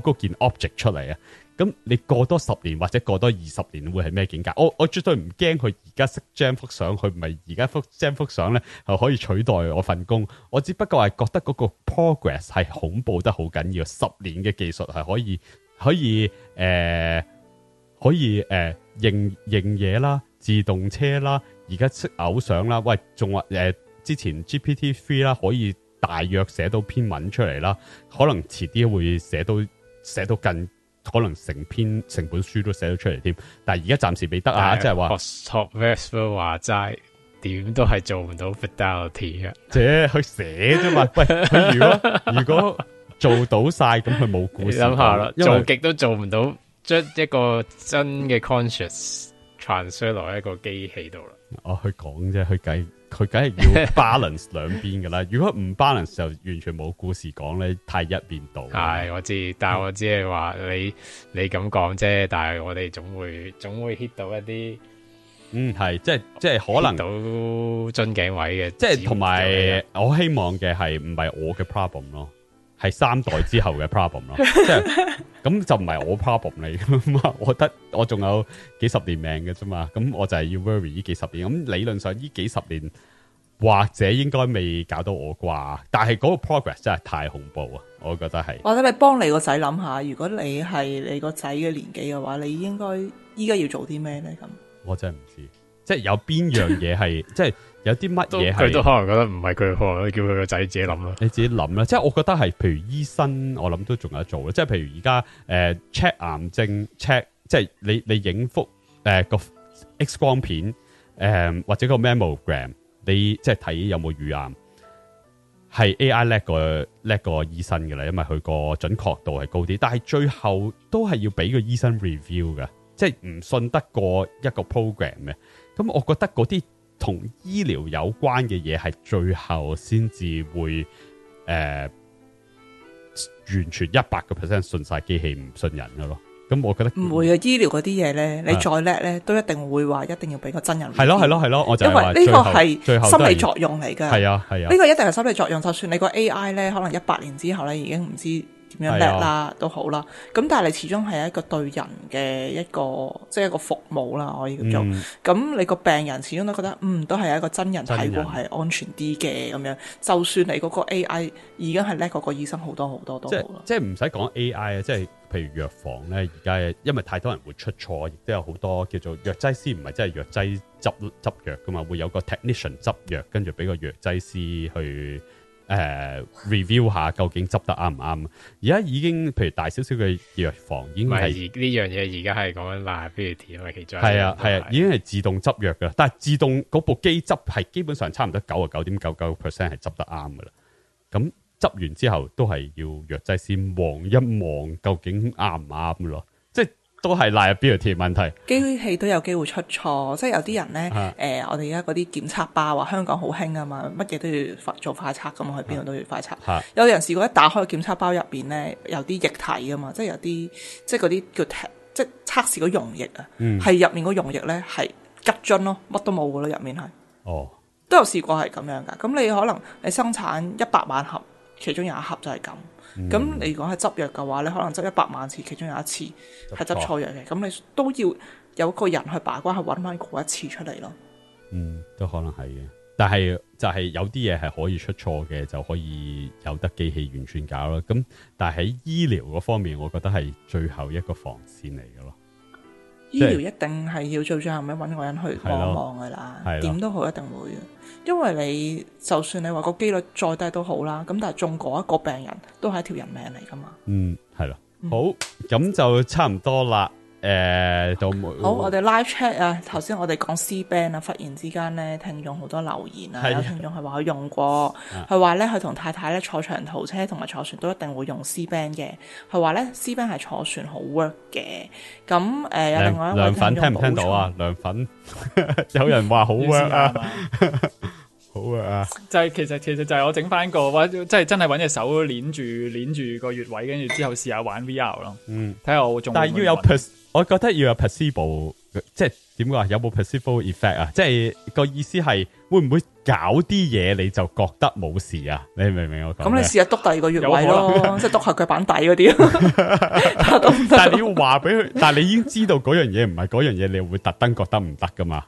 嗰件 object 出嚟啊。咁你過多十年或者過多二十年會係咩境界？我我絕對唔驚佢而家識張幅相，佢唔係而家幅張幅相咧，係可以取代我份工。我只不過係覺得嗰個 progress 係恐怖得好緊要。十年嘅技術係可以可以誒、呃、可以誒、呃、認認嘢啦。自動車啦，而家識偶像啦，喂，仲話誒之前 GPT Three 啦，可以大約寫到篇文出嚟啦，可能遲啲會寫到寫到近，可能成篇成本書都寫到出嚟添。但係而家暫時未得啊，即係、就是、 <music> <music> 話齋。點都係做唔到 Fidelity 嘅。即係佢寫啫嘛， <laughs> 喂，佢如果 <laughs> 如果做到晒咁，佢冇故事。你諗下啦，做極都做唔到，將一個真嘅 conscious。行衰落喺一個機器度啦，我去講啫，計佢梗係要 balance 兩邊噶啦。如果唔 balance 就完全冇故事講咧，太一邊倒，係我知，但係我只係話你你咁講啫，但係我哋總會總會 hit 到一啲，嗯，係、即係、即係即係可能到樽頸位嘅，即係同埋我希望嘅係唔係我嘅 problem 咯。係三代之後嘅 problem 咯， <laughs> 即係咁就唔係我 problem 嚟噶嘛？我覺得我仲有幾十年命嘅啫嘛，咁我就係要 worry 呢幾十年。咁理論上呢幾十年或者應該未搞到我啩，但係嗰個 progress 真係太恐怖啊！我覺得係，或者你幫你個仔諗下，如果你係你個仔嘅年紀嘅話，你應該依家要做啲咩咧？咁我真係唔知，即係有邊樣嘢係即係。 <laughs> 有啲乜嘢佢都可能覺得唔係佢，可能叫佢個仔自己諗啦，你自己諗啦。 <laughs> 即係我覺得係，譬如醫生，我諗都仲有做啦。即係譬如而家誒，check 癌症 check，即係你你影幅誒個 X 光片誒、呃，或者個 mammogram 你即係睇有冇乳癌，係 AI 叻個叻個醫生嘅啦，因為佢個準確度係高啲，但係最後都係要俾個醫生 review 噶，即係唔信得過一個 program 嘅。咁我覺得嗰啲。同醫療有關嘅嘢係最後先至會誒、呃、完全一百個 percent 信晒機器，唔信人噶咯，咁我覺得唔會啊！醫療嗰啲嘢咧，你再叻咧，都一定會話一定要俾個真人，係咯係咯係咯，我就係因為呢個係最後，最後係心理作用嚟噶，係啊係啊，呢、呢個一定係心理作用。就算你個 AI 咧，可能一百年之後咧，已經唔知。點樣叻啦，都好啦。咁但係你始終係一個對人嘅一個，即係一個服務啦，可以咁做。咁、嗯、你個病人始終都覺得，嗯，都係一個真人睇過係安全啲嘅咁樣。就算你嗰個 AI 已經係叻過個醫生好多好多都好啦。即係唔使講 AI 啊，即係譬如藥房咧，而家因為太多人會出錯，亦都有好多叫做藥劑師唔係真係藥劑執執藥噶嘛，會有個 technician 執藥，跟住俾個藥劑師去。誒，呃，review 下究竟執得啱唔啱？而家已經，譬如大少少嘅藥房，已經係呢樣嘢，而家係講難不如點啊？其中係啊係啊，已經係自動執藥噶啦。但係自動嗰部機執係基本上差唔多九啊九點九九 percent 係執得啱噶啦。咁執完之後都係要藥劑先望一望，究竟啱唔啱咯？都係 liability 問題，機器都有機會出錯，即係有啲人咧，誒、啊呃，我哋而家嗰啲檢測包，香港好興啊嘛，乜嘢都要做快測咁，去邊度都要快測、啊。有人試過一打開檢測包入邊咧，有啲液體啊嘛，即係有啲即係嗰啲叫即係測試嗰溶液啊，係、嗯、入面嗰溶液咧係吉樽咯，乜都冇噶咯，入面係、哦，都有試過係咁樣噶，咁你可能你生產一百萬盒，其中有一盒就係咁。咁你講係執藥嘅話咧，可能執一百萬次，其中有一次係執錯藥嘅，咁錯你都要有個人去把關，去揾翻嗰一次出嚟咯。嗯，都可能係嘅，但係就係、是、有啲嘢係可以出錯嘅，就可以有得機器完全搞咯。咁但係喺醫療嗰方面，我覺得係最後一個防線嚟嘅咯。醫療一定係要做最後尾揾個人去幫忙噶啦，點都好一定會因為你就算你話個機率再低都好啦，咁但係中一個病人都係一條人命嚟噶嘛。嗯，係啦、嗯，好，咁就差唔多啦。誒、欸，都好，沒我哋 live chat 啊，頭先我哋講 C band 啊，忽然之間咧，聽眾好多留言啊，有聽眾係話佢用過，佢話咧佢同太太咧坐長途車同埋坐船都一定會用 C band 嘅，佢話咧 C band 係坐船好 work 嘅。咁誒，有另外一個涼粉聽唔聽到啊？涼粉， <laughs> 有人話好 work 啊？ <laughs> 好啊，就係、是、其實其實就係我整翻個，或者即係真係搵隻手捻住捻住個穴位，跟住之後試下玩 VR 咯。嗯，睇下我仲但係要有 perse,，我覺得要有 placebo 即係點講，有冇 placebo effect 啊？即係、那個意思係會唔會搞啲嘢你就覺得冇事啊？你明唔明我講咁？嗯，你試下督第二個穴位咯，即係督下腳板底嗰啲。 <laughs> <laughs> <laughs> 但係你要話俾佢， <laughs> 但係你已經知道嗰樣嘢唔係嗰樣嘢，你會特登覺得唔得噶嘛？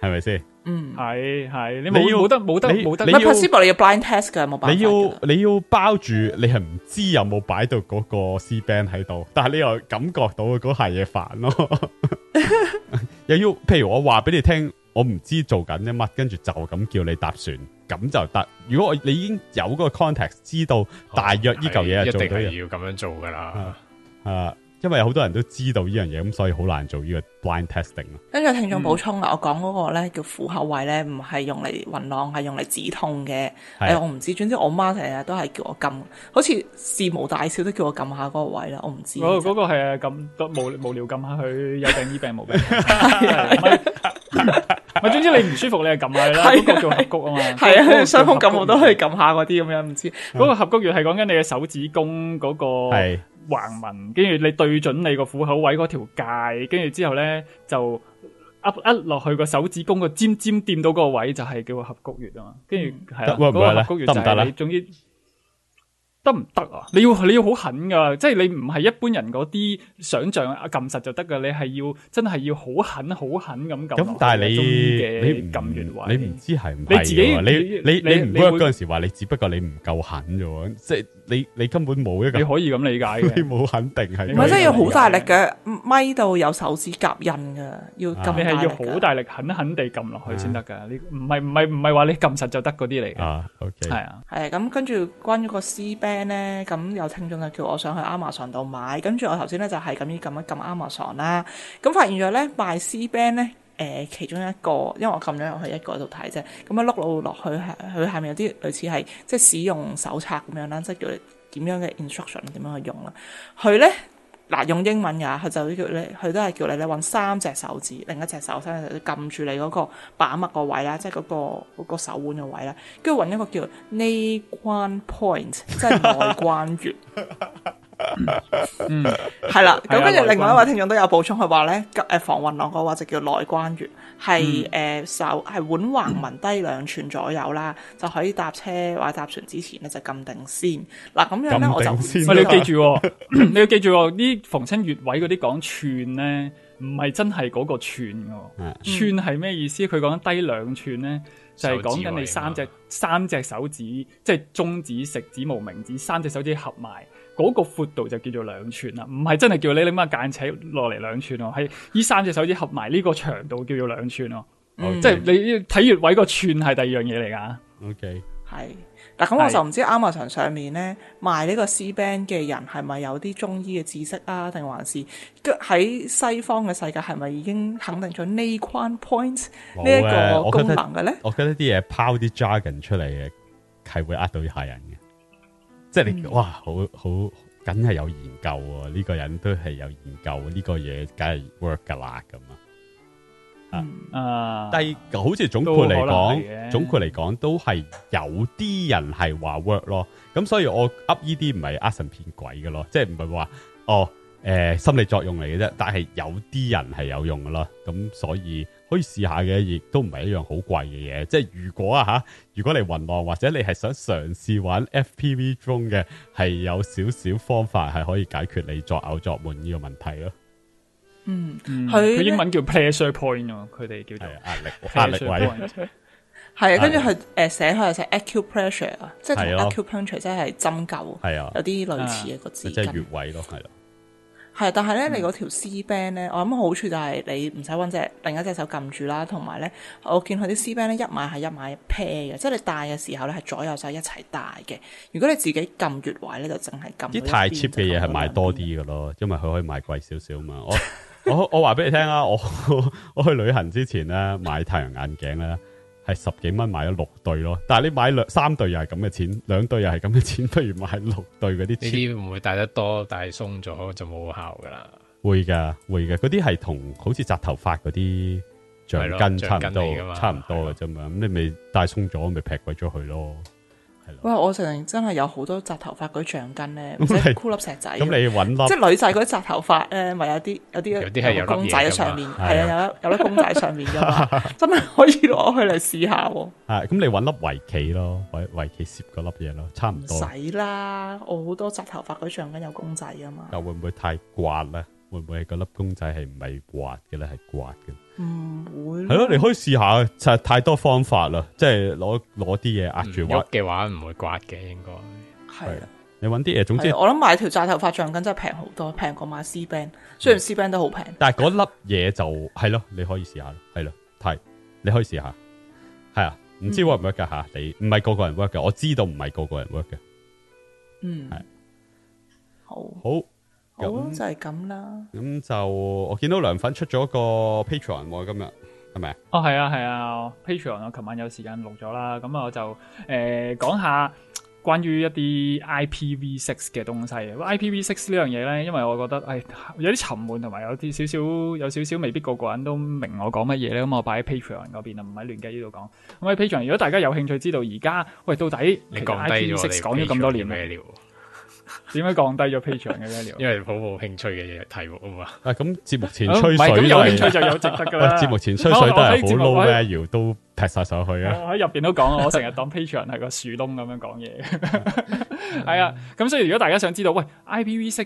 係咪先？嗯，係係你冇冇得冇得冇得，唔係 possible 你要 blind test 噶，冇辦法。你要你要，你要包住，你係唔知有冇擺到嗰個 C band 喺度，但係你又感覺到嗰下嘢煩咯。 <laughs> <laughs> <laughs> 又要譬如我話俾你聽，我唔知做緊乜，跟住就咁叫你搭船，咁就得。如果我你已經有嗰個 context 知道、嗯、大約依嚿嘢，一定係要咁樣做噶啦。啊！啊因為好多人都知道呢樣嘢。咁所以好難做呢個 blind testing 咯。跟、嗯、住聽眾補充啦，我講嗰個咧叫虎口位咧，唔係用嚟暈浪，係用嚟止痛嘅。誒、哎，我唔知，總之我媽成日都係叫我撳，好似事無大小都叫我撳下嗰個位啦。我唔知。嗰、那個係啊，撳都無無聊撳下佢， <laughs> 有病醫病，無病。咪 <laughs> 是的 <laughs> 不是 <laughs> 總之你唔舒服，你係撳下啦。嗰 <laughs> 個做合谷啊嘛。係啊，傷、那個、風感冒都可以撳下嗰啲咁樣，唔知嗰、嗯、個合谷穴係講緊你嘅手指公嗰、那個。係。橫紋，跟住你對準你個虎口位嗰條界，跟住之後咧就 up 落去個手指公個尖尖掂到嗰個位就係、是、叫做合谷穴啊嘛，跟住係啊、嗰個合谷穴就係你總之。得唔得啊？你要你要好狠噶，即係你唔係一般人嗰啲想象啊撳實就得噶，你係要真係要好狠好狠咁撳。咁但係你你撳完話，你唔知係唔係你自己。你你你唔嗰陣時話你只不過你唔夠狠啫，即係你你根本冇一個。你可以咁理解嘅，你冇肯定係。唔係真係要好大力嘅，咪到有手指甲印噶，要撳你係要好大力，狠狠地撳落去先得噶。呢唔係唔係唔係話你撳實就得嗰啲嚟嘅。係啊，係啊，咁跟住關咗個 C 板。咧，咁有聽眾就叫我想去 Amazon 度買，跟住我頭先咧就係咁樣，撳一撳 Amazon 啦，咁發現咗咧賣 CBand 咧，呃，誒，其中一個，因為我撳咗入去一個度睇啫，咁樣碌落落去，佢下面有啲類似係即係使用手冊咁樣啦，即係叫你點樣嘅 instruction 點樣去用啦，佢咧。嗱，用英文嘅，佢就叫你，佢都係叫你咧，穩三隻手指，另一隻手伸撳住你個把脈，就是那個位啦，即係個個手腕嘅位啦，跟住穩一個叫 nine point 即係內關穴。 <laughs> 嗯，係、嗯、啦，咁跟住另外一位聽眾都有補充佢話咧，誒防暈浪嘅話就叫內關穴，係誒手係腕橫紋低兩寸左右啦，嗯，就可以搭車或者搭船之前咧就撳定、啊、先禁定。嗱，咁樣咧我就唔知，你要記住喎，你要記住啲逢親穴位嗰啲講寸咧，唔係真係嗰個寸嘅、嗯，寸係咩意思？佢講低兩寸咧。就係、是、講緊你三隻三隻手指，即係中指、食指、無名指三隻手指合埋，嗰、那個闊度就叫做兩寸啦。唔係真係叫你拎把間尺落嚟兩寸哦，係呢三隻手指合埋呢、這個長度叫做兩寸哦。即係你睇穴位個寸係第二樣嘢嚟㗎。OK，係、嗯。Okay. 是嗱、啊、咁我就唔知 Amazon 上面咧賣呢個 C band 嘅人係咪有啲中醫嘅知識啊，定還是喺西方嘅世界係咪已經肯定咗呢框 point 呢一、啊這個功能嘅咧？我覺得啲嘢拋啲 jargon 出嚟嘅係會呃到啲客人嘅，即係你哇好好，梗係有研究喎，啊，呢、這個人都係有研究呢、這個嘢，梗係 work 噶啦咁啊！嗯、啊，但係好似總括嚟講，總括嚟講都係有啲人係話 work 咯，咁所以我 up 呢啲唔係呃神騙鬼嘅咯，即係唔係話哦，誒、呃、心理作用嚟嘅啫，但係有啲人係有用噶咯，咁所以可以試下嘅，亦都唔係一樣好貴嘅嘢，即係如果啊吓，如果你暈浪或者你係想嘗試玩 FPV drone 嘅，係有少少方法係可以解決你作嘔作悶呢個問題咯。嗯，佢英文叫 pressure point 他們叫啊，佢哋叫做壓力,力 <laughs> 壓力、 <laughs> 啊啊就是是啊、位，係啊，跟住佢誒寫佢又寫 acupressure 啊，即係同 acupuncture 即係針灸，係啊，有啲類似嘅個字，即係穴位咯，係咯，係，但係咧你嗰條 C band 咧，我諗好處就係你唔使揾隻另一隻手撳住啦，同埋咧我見佢啲 C band 咧一買係一買一 pair 嘅，即係、啊就是、你戴嘅時候咧係左右手一齊戴嘅，如果你自己撳穴位咧就淨係撳啲太 cheap 嘅嘢係買多啲噶咯，因為佢可以買貴少少嘛，我。 <laughs> <laughs> 我我話俾你聽啊，我我,我去旅行之前咧買太陽眼鏡咧，係十幾蚊買咗六對咯。但係你買兩三對又係咁嘅錢，兩對又係咁嘅錢，不如買六對嗰啲。呢啲唔會戴得多，但戴鬆咗就冇效噶啦。會噶會噶，嗰啲係同好似扎頭髮嗰啲橡筋差唔多，差唔多噶啫嘛。咁的、嗯、你咪戴鬆咗咪劈鬼咗佢咯。喂，我成真係有好多紮頭髮嗰啲橡筋咧，即係箍粒石仔。咁 <laughs> 你搵粒，即係女仔嗰啲紮頭髮咧，咪 <laughs> 有啲有啲有粒公仔喺上面。係啊，有粒有粒公仔上面噶嘛，的 <laughs> 的嘛 <laughs> 真係可以攞去嚟試下。係，咁你搵粒圍棋咯，圍圍棋攝嗰粒嘢咯，差唔多。使啦，我好多紮頭髮嗰啲橡筋有公仔噶嘛。又會唔會太刮咧？會唔會係嗰粒公仔係唔係刮嘅咧？係刮嘅。唔會係咯、啊，你可以試下，實太多方法啦，即係攞攞啲嘢壓住。甩嘅話唔會刮嘅，應該係啦。你揾啲嘢，總之、啊、我諗買條紮頭髮橡筋真係平好多，平過買 C band。雖然 C band 都好平、嗯，但係嗰粒嘢就係咯、啊，你可以試下，係咯，係你可以試下，係啊，唔知 work 唔 work 嘅吓，你唔係個個人 work 嘅，我知道唔係個個人 work 嘅，嗯，係、啊、好。好。咁就係咁啦。咁就我見到涼粉出咗個 Patreon 今日係咪？哦，係啊，係啊，Patreon 我琴晚有時間錄咗啦。咁啊就誒講、呃、下關於一啲 IPv6 嘅東西。IPv6 呢樣嘢咧，因為我覺得誒有啲沉悶同埋有啲少少有少少未必個個人都明我講乜嘢咧。咁我擺喺 Patreon 嗰邊啊，唔係亂 gad 呢度講。咁喺 Patreon，如果大家有興趣知道而家喂到底你講 IPv6，你講咗咁多年咩料？點樣降低咗 Patreon 嘅 value？因為好冇興趣嘅嘢題目啊嘛。啊咁節目前吹水、就是，啊、有興趣就有值得噶啦。節、 <laughs> 啊、目前吹水都係好 low value，都劈晒手去啊！我喺入邊都講，我成日當 Patreon 係個樹窿咁樣講嘢。係啊，咁所以如果大家想知道，喂 IPv6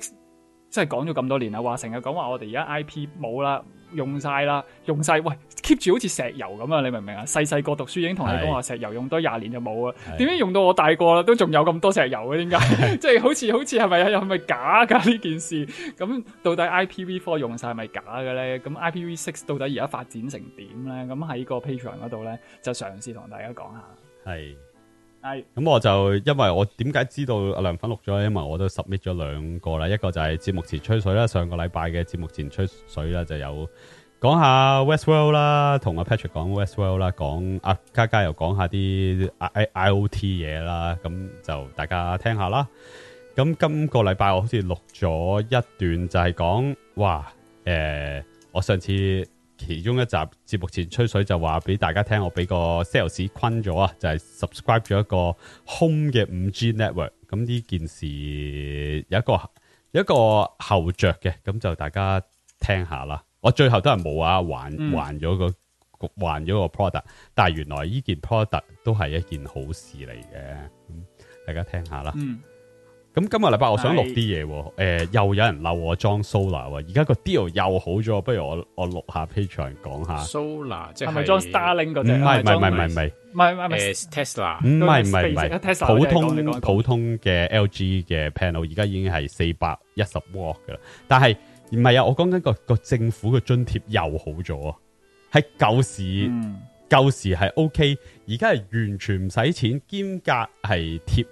即係講咗咁多年啊？話成日講話我哋而家 IP 冇啦。用晒啦，用晒，喂，keep 住好似石油咁啊！你明唔明啊？細細個讀書已經同你講話石油用多廿年就冇啊，點解用到我大個啦都仲有咁多石油嘅？點解？即係 <laughs> 好似好似係咪又係咪假噶呢件事？咁到底 IPv4 用晒係咪假嘅咧？咁 IPv6 到底而家發展成點咧？咁喺個 Patreon 嗰度咧就嘗試同大家講下。係。係，咁我就因為我點解知道阿梁粉錄咗？因為我都 submit 咗兩個啦，一個就係節目前吹水啦，上個禮拜嘅節目前吹水啦，就有講下 Westworld 啦，同阿 Patrick 講 Westworld 啦，講阿家家又講下啲 I IoT 嘢啦，咁就大家聽下啦。咁今個禮拜我好似錄咗一段，就係講，哇，誒、呃，我上次。其中一集節目前吹水就話俾大家聽，我俾個 sales 昆咗啊，就係、是、subscribe 咗一個空嘅五 G network。咁呢件事有一個有一個後着嘅，咁就大家聽一下啦。我最後都係冇啊，還還咗、那個、嗯、還咗個 product，但係原來呢件 product 都係一件好事嚟嘅，大家聽一下啦。嗯咁今日禮拜我想錄啲嘢，誒、呃、又有人鬧我裝 solar，而家個 deal 又好咗，不如我我錄下 patreon 講下 solar，即係咪裝 Starlink 嗰隻，唔係唔係唔係唔係唔係唔係 tesla，唔係唔係唔係普通普通嘅 lg 嘅 panel，而家已經係四百一十瓦噶，但係唔係啊，我講緊、那個個政府嘅津貼又好咗，喺舊時舊、嗯、時係 ok，而家係完全唔使錢，兼格係貼。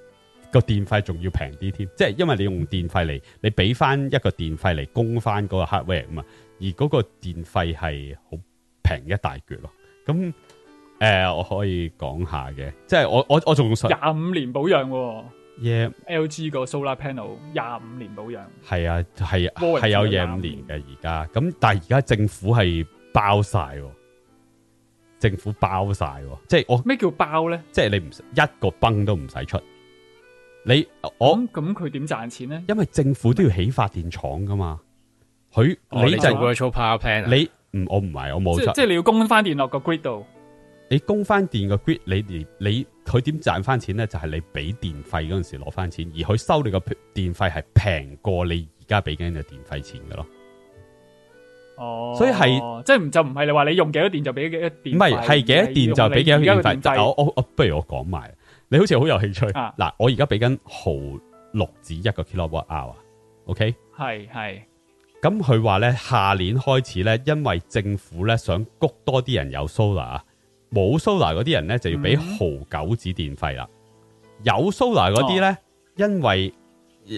個電費仲要平啲添，即係因為你用電費嚟，你俾翻一個電費嚟供翻嗰個 hardware 啊嘛，而嗰個電費係好平一大橛咯。咁誒、呃，我可以講下嘅，即係我我我仲想廿五年保養喎、哦。Yeah, LG 個 solar panel 廿五年保養係啊，係係有廿五年嘅，而家，咁但係而家政府係包晒，政府包晒，即係我咩叫包咧？即係你唔一個泵都唔使出。你我咁佢點賺錢咧？因為政府都要起發電廠噶嘛，佢、哦、你就去做 power plan。你唔、啊、我唔係我冇，即係你要供翻電落個 grid 度，你供翻電個 grid，你你佢點賺翻錢咧？就係、是、你俾電費嗰陣時攞翻錢，而佢收你個電費係平過你而家俾緊嘅電費錢噶咯。哦，所以係、哦、即係唔就唔係你話你用幾多電就俾幾多電？唔係係幾多電就俾幾多電費。我，我，我不如我講埋。你好似好有興趣嗱、啊啊，我而家俾緊毫六子一個 kilowatt hour 啊，OK？係係，咁佢話咧，下年開始咧，因為政府咧想谷多啲人有 solar 啊，冇 solar 嗰啲人咧就要俾毫九子電費啦。有 solar 嗰啲咧，因為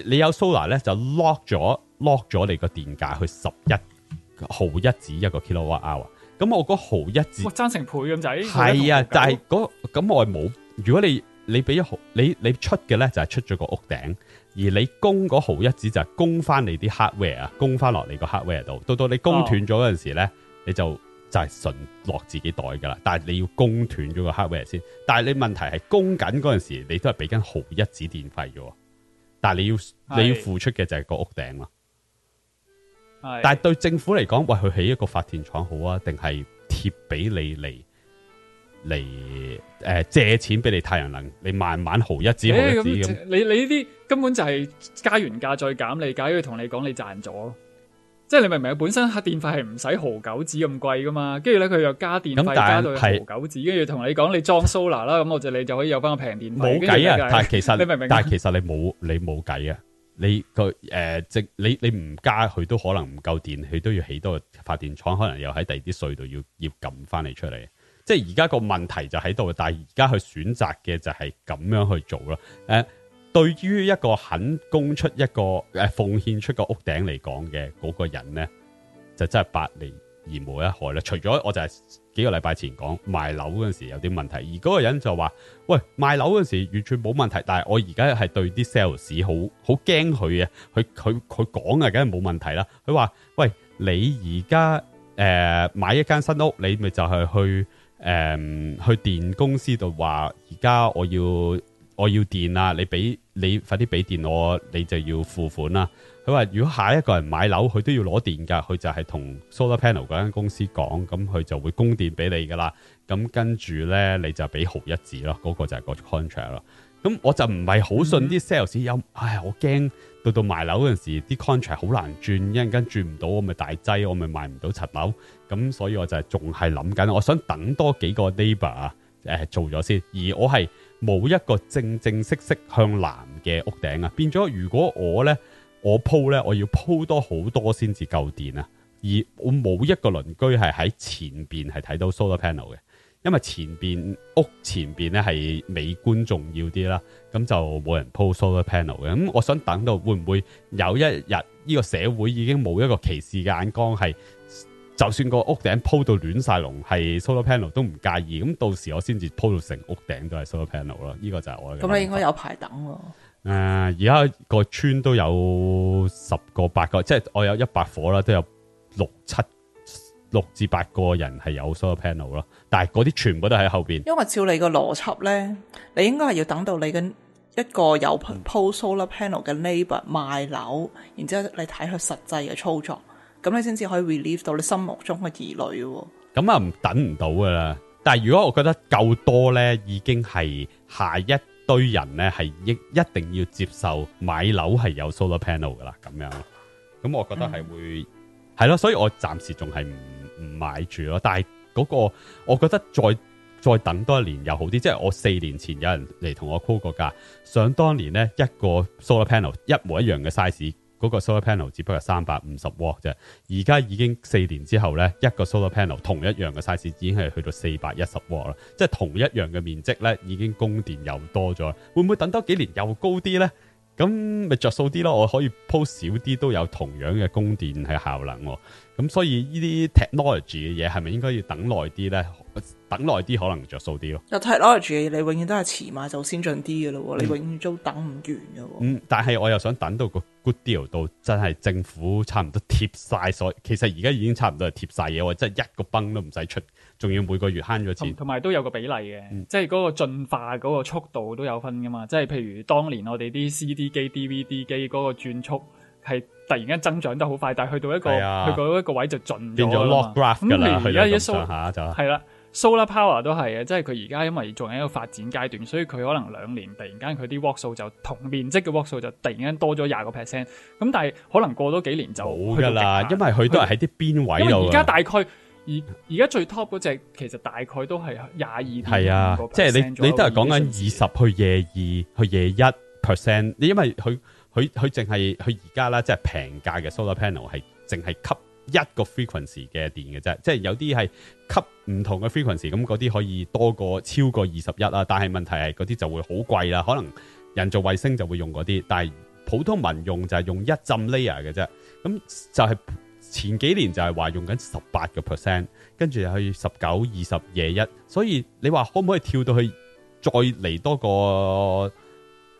你有 solar 咧就 lock 咗 lock 咗你個電價去十一毫一子一個 kilowatt hour 咁我嗰毫一子，哇，爭成倍咁仔，係啊，但係嗰咁我係冇，如果你。你俾一毫，你你出嘅咧就係出咗個屋頂，而你供嗰毫一子就係供翻你啲 hardware 啊，供翻落你個 hardware 度，到到你供斷咗嗰陣時咧、哦，你就就係純落自己袋噶啦。但係你要供斷咗個 hardware 先，但係你問題係供緊嗰陣時，你都係俾緊毫一子電費啫，但係你要你要付出嘅就係個屋頂咯。係，但係對政府嚟講，喂，佢起一個發電廠好啊，定係貼俾你嚟？嚟誒、呃，借錢俾你太陽能，你慢慢毫一子毫一子、欸嗯、你你呢啲根本就係加完價再減你，你賺，跟住同你講你賺咗。即係你明唔明啊？本身客電費係唔使毫九子咁貴噶嘛，跟住咧佢又加電費加到毫九子，是跟住同你講你裝 solar 啦，咁我就你就可以有翻個平電費。冇計啊、就是、啊！但係其實你明唔明？但係其實你冇你冇計啊！你佢誒、呃，即你你唔加佢都可能唔夠電，佢都要起多個發電廠，可能又喺第二啲隧道要要撳翻你出嚟。即係而家個問題就喺度，但係而家去選擇嘅就係咁樣去做啦。誒、呃，對於一個肯供出一個誒、呃、奉獻出個屋頂嚟講嘅嗰個人呢，就真係百利而無一害啦。除咗我就係幾個禮拜前講賣樓嗰陣時有啲問題，而嗰個人就話：，喂，賣樓嗰陣時完全冇問題。但係我而家係對啲 sales 好好驚佢啊，佢佢佢講啊，梗係冇問題啦。佢話：，喂，你而家誒買一間新屋，你咪就係去嗯、去電公司度話，而家我要我要電啊！你俾你快啲俾電我，你就要付款啦。佢話如果下一個人買樓，佢都要攞電㗎，佢就係同 solar panel 嗰間公司講，咁佢就會供電俾你㗎啦。咁跟住咧，你就俾毫一字咯，嗰、嗰個就係個 contract 啦。咁我就唔係好信啲 sales 有，唉，我驚到到賣樓嗰陣時啲 contract 好難轉，一陣間轉唔到，我咪大劑，我咪賣唔到層樓。咁所以我就仲係諗緊，我想等多幾個 neighbor 誒、啊哎、做咗先，而我係冇一個正正式式向南嘅屋頂啊，變咗如果我呢，我鋪呢，我要鋪多好多先至夠電啊，而我冇一個鄰居係喺前邊係睇到 solar panel 嘅，因為前邊屋前邊呢係美觀重要啲啦，咁就冇人鋪 solar panel 嘅，咁我想等到會唔會有一日呢個社會已經冇一個歧視嘅眼光係。就算個屋頂鋪到亂晒龍，係 solar panel 都唔介意。咁到時我先至鋪到成屋頂都係 solar panel 咯。呢個就係我嘅。咁，你應該有排等喎。呃，而家個村都有十個八個，即係我有一百夥啦，都有六七六至八個人係有 solar panel 咯。但係嗰啲全部都喺後邊，因為照你個邏輯咧，你應該係要等到你嘅一個有鋪 solar panel 嘅 neighbour 賣樓，然之後你睇佢實際嘅操作。咁你先至可以 relieve 到你心目中嘅疑慮，哦。咁啊，唔等唔到噶啦。但係如果我覺得夠多咧，已經係下一堆人咧，係一一定要接受買樓係有 solar panel 噶啦。咁樣咯，咁我覺得係會係咯、嗯。所以我暫時仲係唔唔買住咯。但係嗰、那個，我覺得再再等多一年又好啲。即、就、係、是、我四年前有人嚟同我 call 個價，想當年咧，一個 solar panel 一模一樣嘅 size。嗰、那個 solar panel 只不過三百五十瓦啫，而家已經四年之後咧，一個 solar panel 同一樣嘅 size 已經係去到四百一十瓦啦，即係同一樣嘅面積咧，已經供電又多咗，會唔會等多幾年又高啲咧？咁咪着數啲咯，我可以鋪少啲都有同樣嘅供電係效能喎，咁所以呢啲 technology 嘅嘢係咪應該要等耐啲咧？等耐啲可能着數啲咯。又睇 e 住嘅嘢，你永遠都係遲買就先進啲喇咯。你永遠都等唔完嘅。嗯，但係我又想等到個 good deal 到真係政府差唔多貼晒所，其實而家已經差唔多係貼晒嘢，即係一個崩都唔使出，仲要每個月慳咗錢。同埋都有，有個比例嘅、嗯，即係嗰個進化嗰個速度都有分噶嘛。即係譬如當年我哋啲 CD 機、DVD 機嗰個轉速係突然間增長得好快，但係去到一個、啊、去到一個位就盡咗啦嘛。咁你而家一收吓就係啦。Solar power 都係啊，即係佢而家因為仲喺一個發展階段，所以佢可能兩年突然間佢啲 walk 數就同面積嘅 walk 數就突然間多咗廿個 percent。咁但係可能過多幾年就冇㗎啦，因為佢都係喺啲邊位度，而家大概而而家最 top 嗰隻其實大概都係廿二，係啊，即係你你都係講緊二十去夜二去夜一 percent。你因為佢佢佢淨係佢而家啦，即係平價嘅 solar panel 係淨係吸。一個 frequency 嘅電嘅啫，即係有啲係吸唔同嘅 frequency，咁嗰啲可以多過超過二十一啦，但係問題係嗰啲就會好貴啦，可能人造衛星就會用嗰啲，但係普通民用就係用一浸 layer 嘅啫。咁就係前幾年就係話用緊十八個 percent，跟住去十九、二十、廿一。所以你話可唔可以跳到去再嚟多個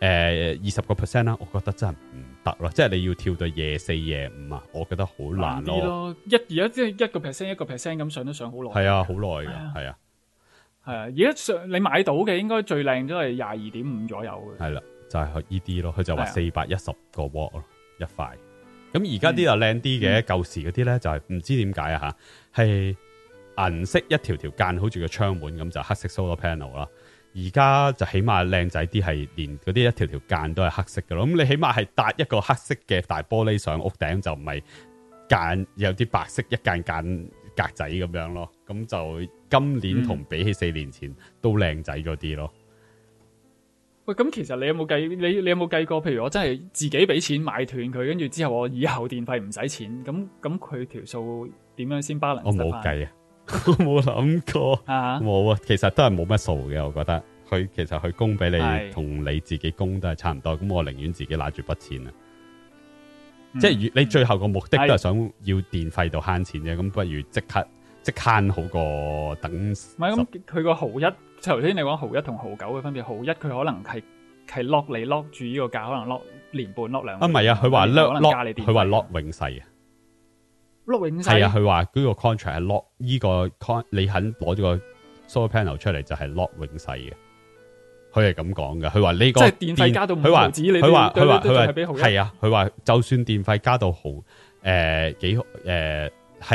誒二十個 percent 啦，我覺得真係唔。得啦，即係你要跳到夜四夜五啊！我覺得好難咯，一而家即係一個 percent 一個 percent 咁上都上好耐。係啊，好耐嘅，係啊，係啊。而家上你買到嘅應該最靚都係廿二點五左右嘅。係啦、啊，就係呢啲咯，佢就話四百一十個瓦喎，一塊。咁而家啲就靚啲嘅，舊時嗰啲咧就係唔知點解啊吓，係銀色一條條間，好似個窗門咁就黑色 solar panel 啦。而家就起碼靚仔啲，係連嗰啲一條條間都係黑色嘅咯。咁你起碼係搭一個黑色嘅大玻璃上屋頂，就唔係間有啲白色一間間格仔咁樣咯。咁就今年同比起四年前都靚仔咗啲咯。喂、嗯，咁其實你有冇計？你你有冇計過？譬如我真係自己俾錢買斷佢，跟住之後我以後電費唔使錢。咁咁佢條數點樣先平衡？我冇計啊。 <laughs> 我冇諗過，冇、uh-huh. 啊，其實都係冇乜數嘅。我覺得佢其實佢供俾你，同你自己供都係差唔多。咁我寧願自己攞住筆錢啊，mm-hmm. 即係你最後個目的都係想要電費度慳錢啫。咁、mm-hmm. 不如即刻即慳好過等，唔係咁佢個毫一，頭先你講毫一同毫九嘅分別，毫一佢可能係係 lock 你 lock 住呢個價，可能 lock 年半 lock 落兩，啊唔係啊，佢話落落，佢話 lock 永世啊。錄永係啊！佢話嗰個 contract 係 lock，呢、呢個 con 你肯攞咗個 solar panel 出嚟就係 lock 永世嘅。佢係咁講嘅。佢話呢個即係電費加到五毫子，佢話佢話佢話俾毫一。係啊，佢話就算電費加到毫誒、呃、幾誒係、呃、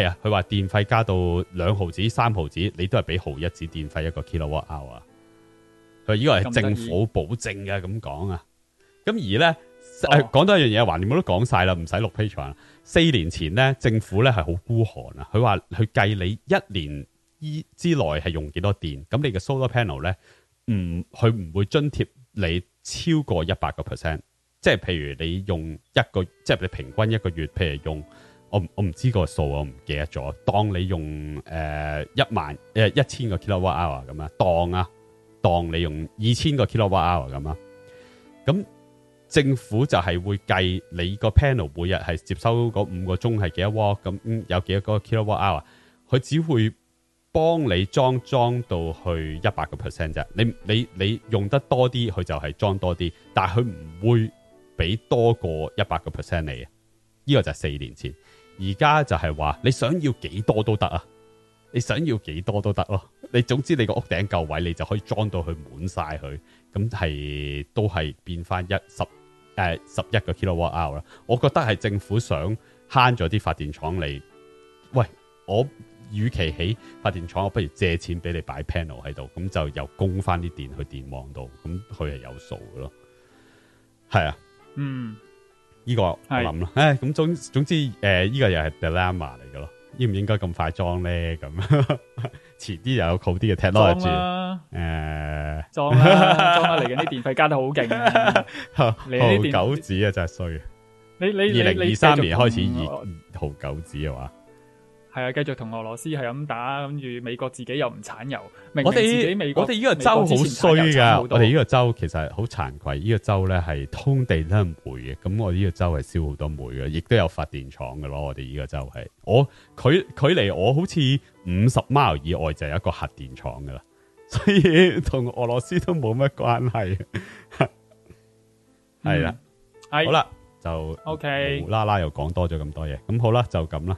啊，佢話電費加到兩毫子、三毫子，你都係俾毫一子電費一個 kilowatt hour。佢話呢個係政府保證嘅，咁講啊。咁而咧誒，講、哦、多、啊、一樣嘢，橫掂我都講晒啦，唔使錄 paper 啦。四年前咧，政府咧係好孤寒啊！佢話佢計你一年依之內係用幾多電，咁你嘅 solar panel 咧，唔佢唔會津貼你超過一百個 percent。即係譬如你用一個，即係你平均一個月，譬如用我我唔知個數，我唔記得咗。當你用誒一、呃、萬誒一千個 kilowatt hour 咁啊，當啊當你用二千個 kilowatt hour 咁啊，咁。政府就係會計你個 panel 每日係接收嗰五個鐘係幾多 W，咁有幾多個 kilo 瓦 hour，佢只會幫你裝裝到去一百個 percent 啫。你你你用得多啲，佢就係裝多啲，但係佢唔會俾多過一百個 percent 你。呢、這個就係四年前，而家就係話你想要幾多都得啊，你想要幾多都得咯、啊。你總之你個屋頂夠位，你就可以裝到去滿晒佢，咁係都係變翻一十。誒、呃，十一個 kilowatt hour 啦，我覺得係政府想慳咗啲發電廠嚟，喂，我與其起發電廠，我不如借錢俾你擺 panel 喺度，咁就又供翻啲電去電網度，咁佢係有數嘅咯，係啊，嗯，呢、這個我諗啦，誒，咁、哎、總總之，誒、呃，呢、這個又係 dilemma 嚟嘅咯，應唔應該咁快裝咧？咁。 <laughs> 遲啲又有好啲嘅 technology，裝下裝下嚟緊，啲電費加得好勁啊，你啲電，毫 <laughs> 九子啊真係衰，你你二零二三年開始二毫九子啊，嘛？係啊，繼續同俄羅斯係咁打，跟住美國自己又唔產油。明明自己美國，我哋我哋呢個州好衰噶，我哋呢個州其實好慚愧，呢、這個州咧係通地都係煤嘅，咁我呢個州係燒好多煤嘅，亦都有發電廠嘅咯。我哋呢個州係，我距距離我好似五十 mile 以外就有一個核電廠噶啦，所以同俄羅斯都冇乜關係。係 <laughs> 啦，係、嗯、好啦，就無無了 OK，無啦啦又講多咗咁多嘢，咁好啦，就咁啦。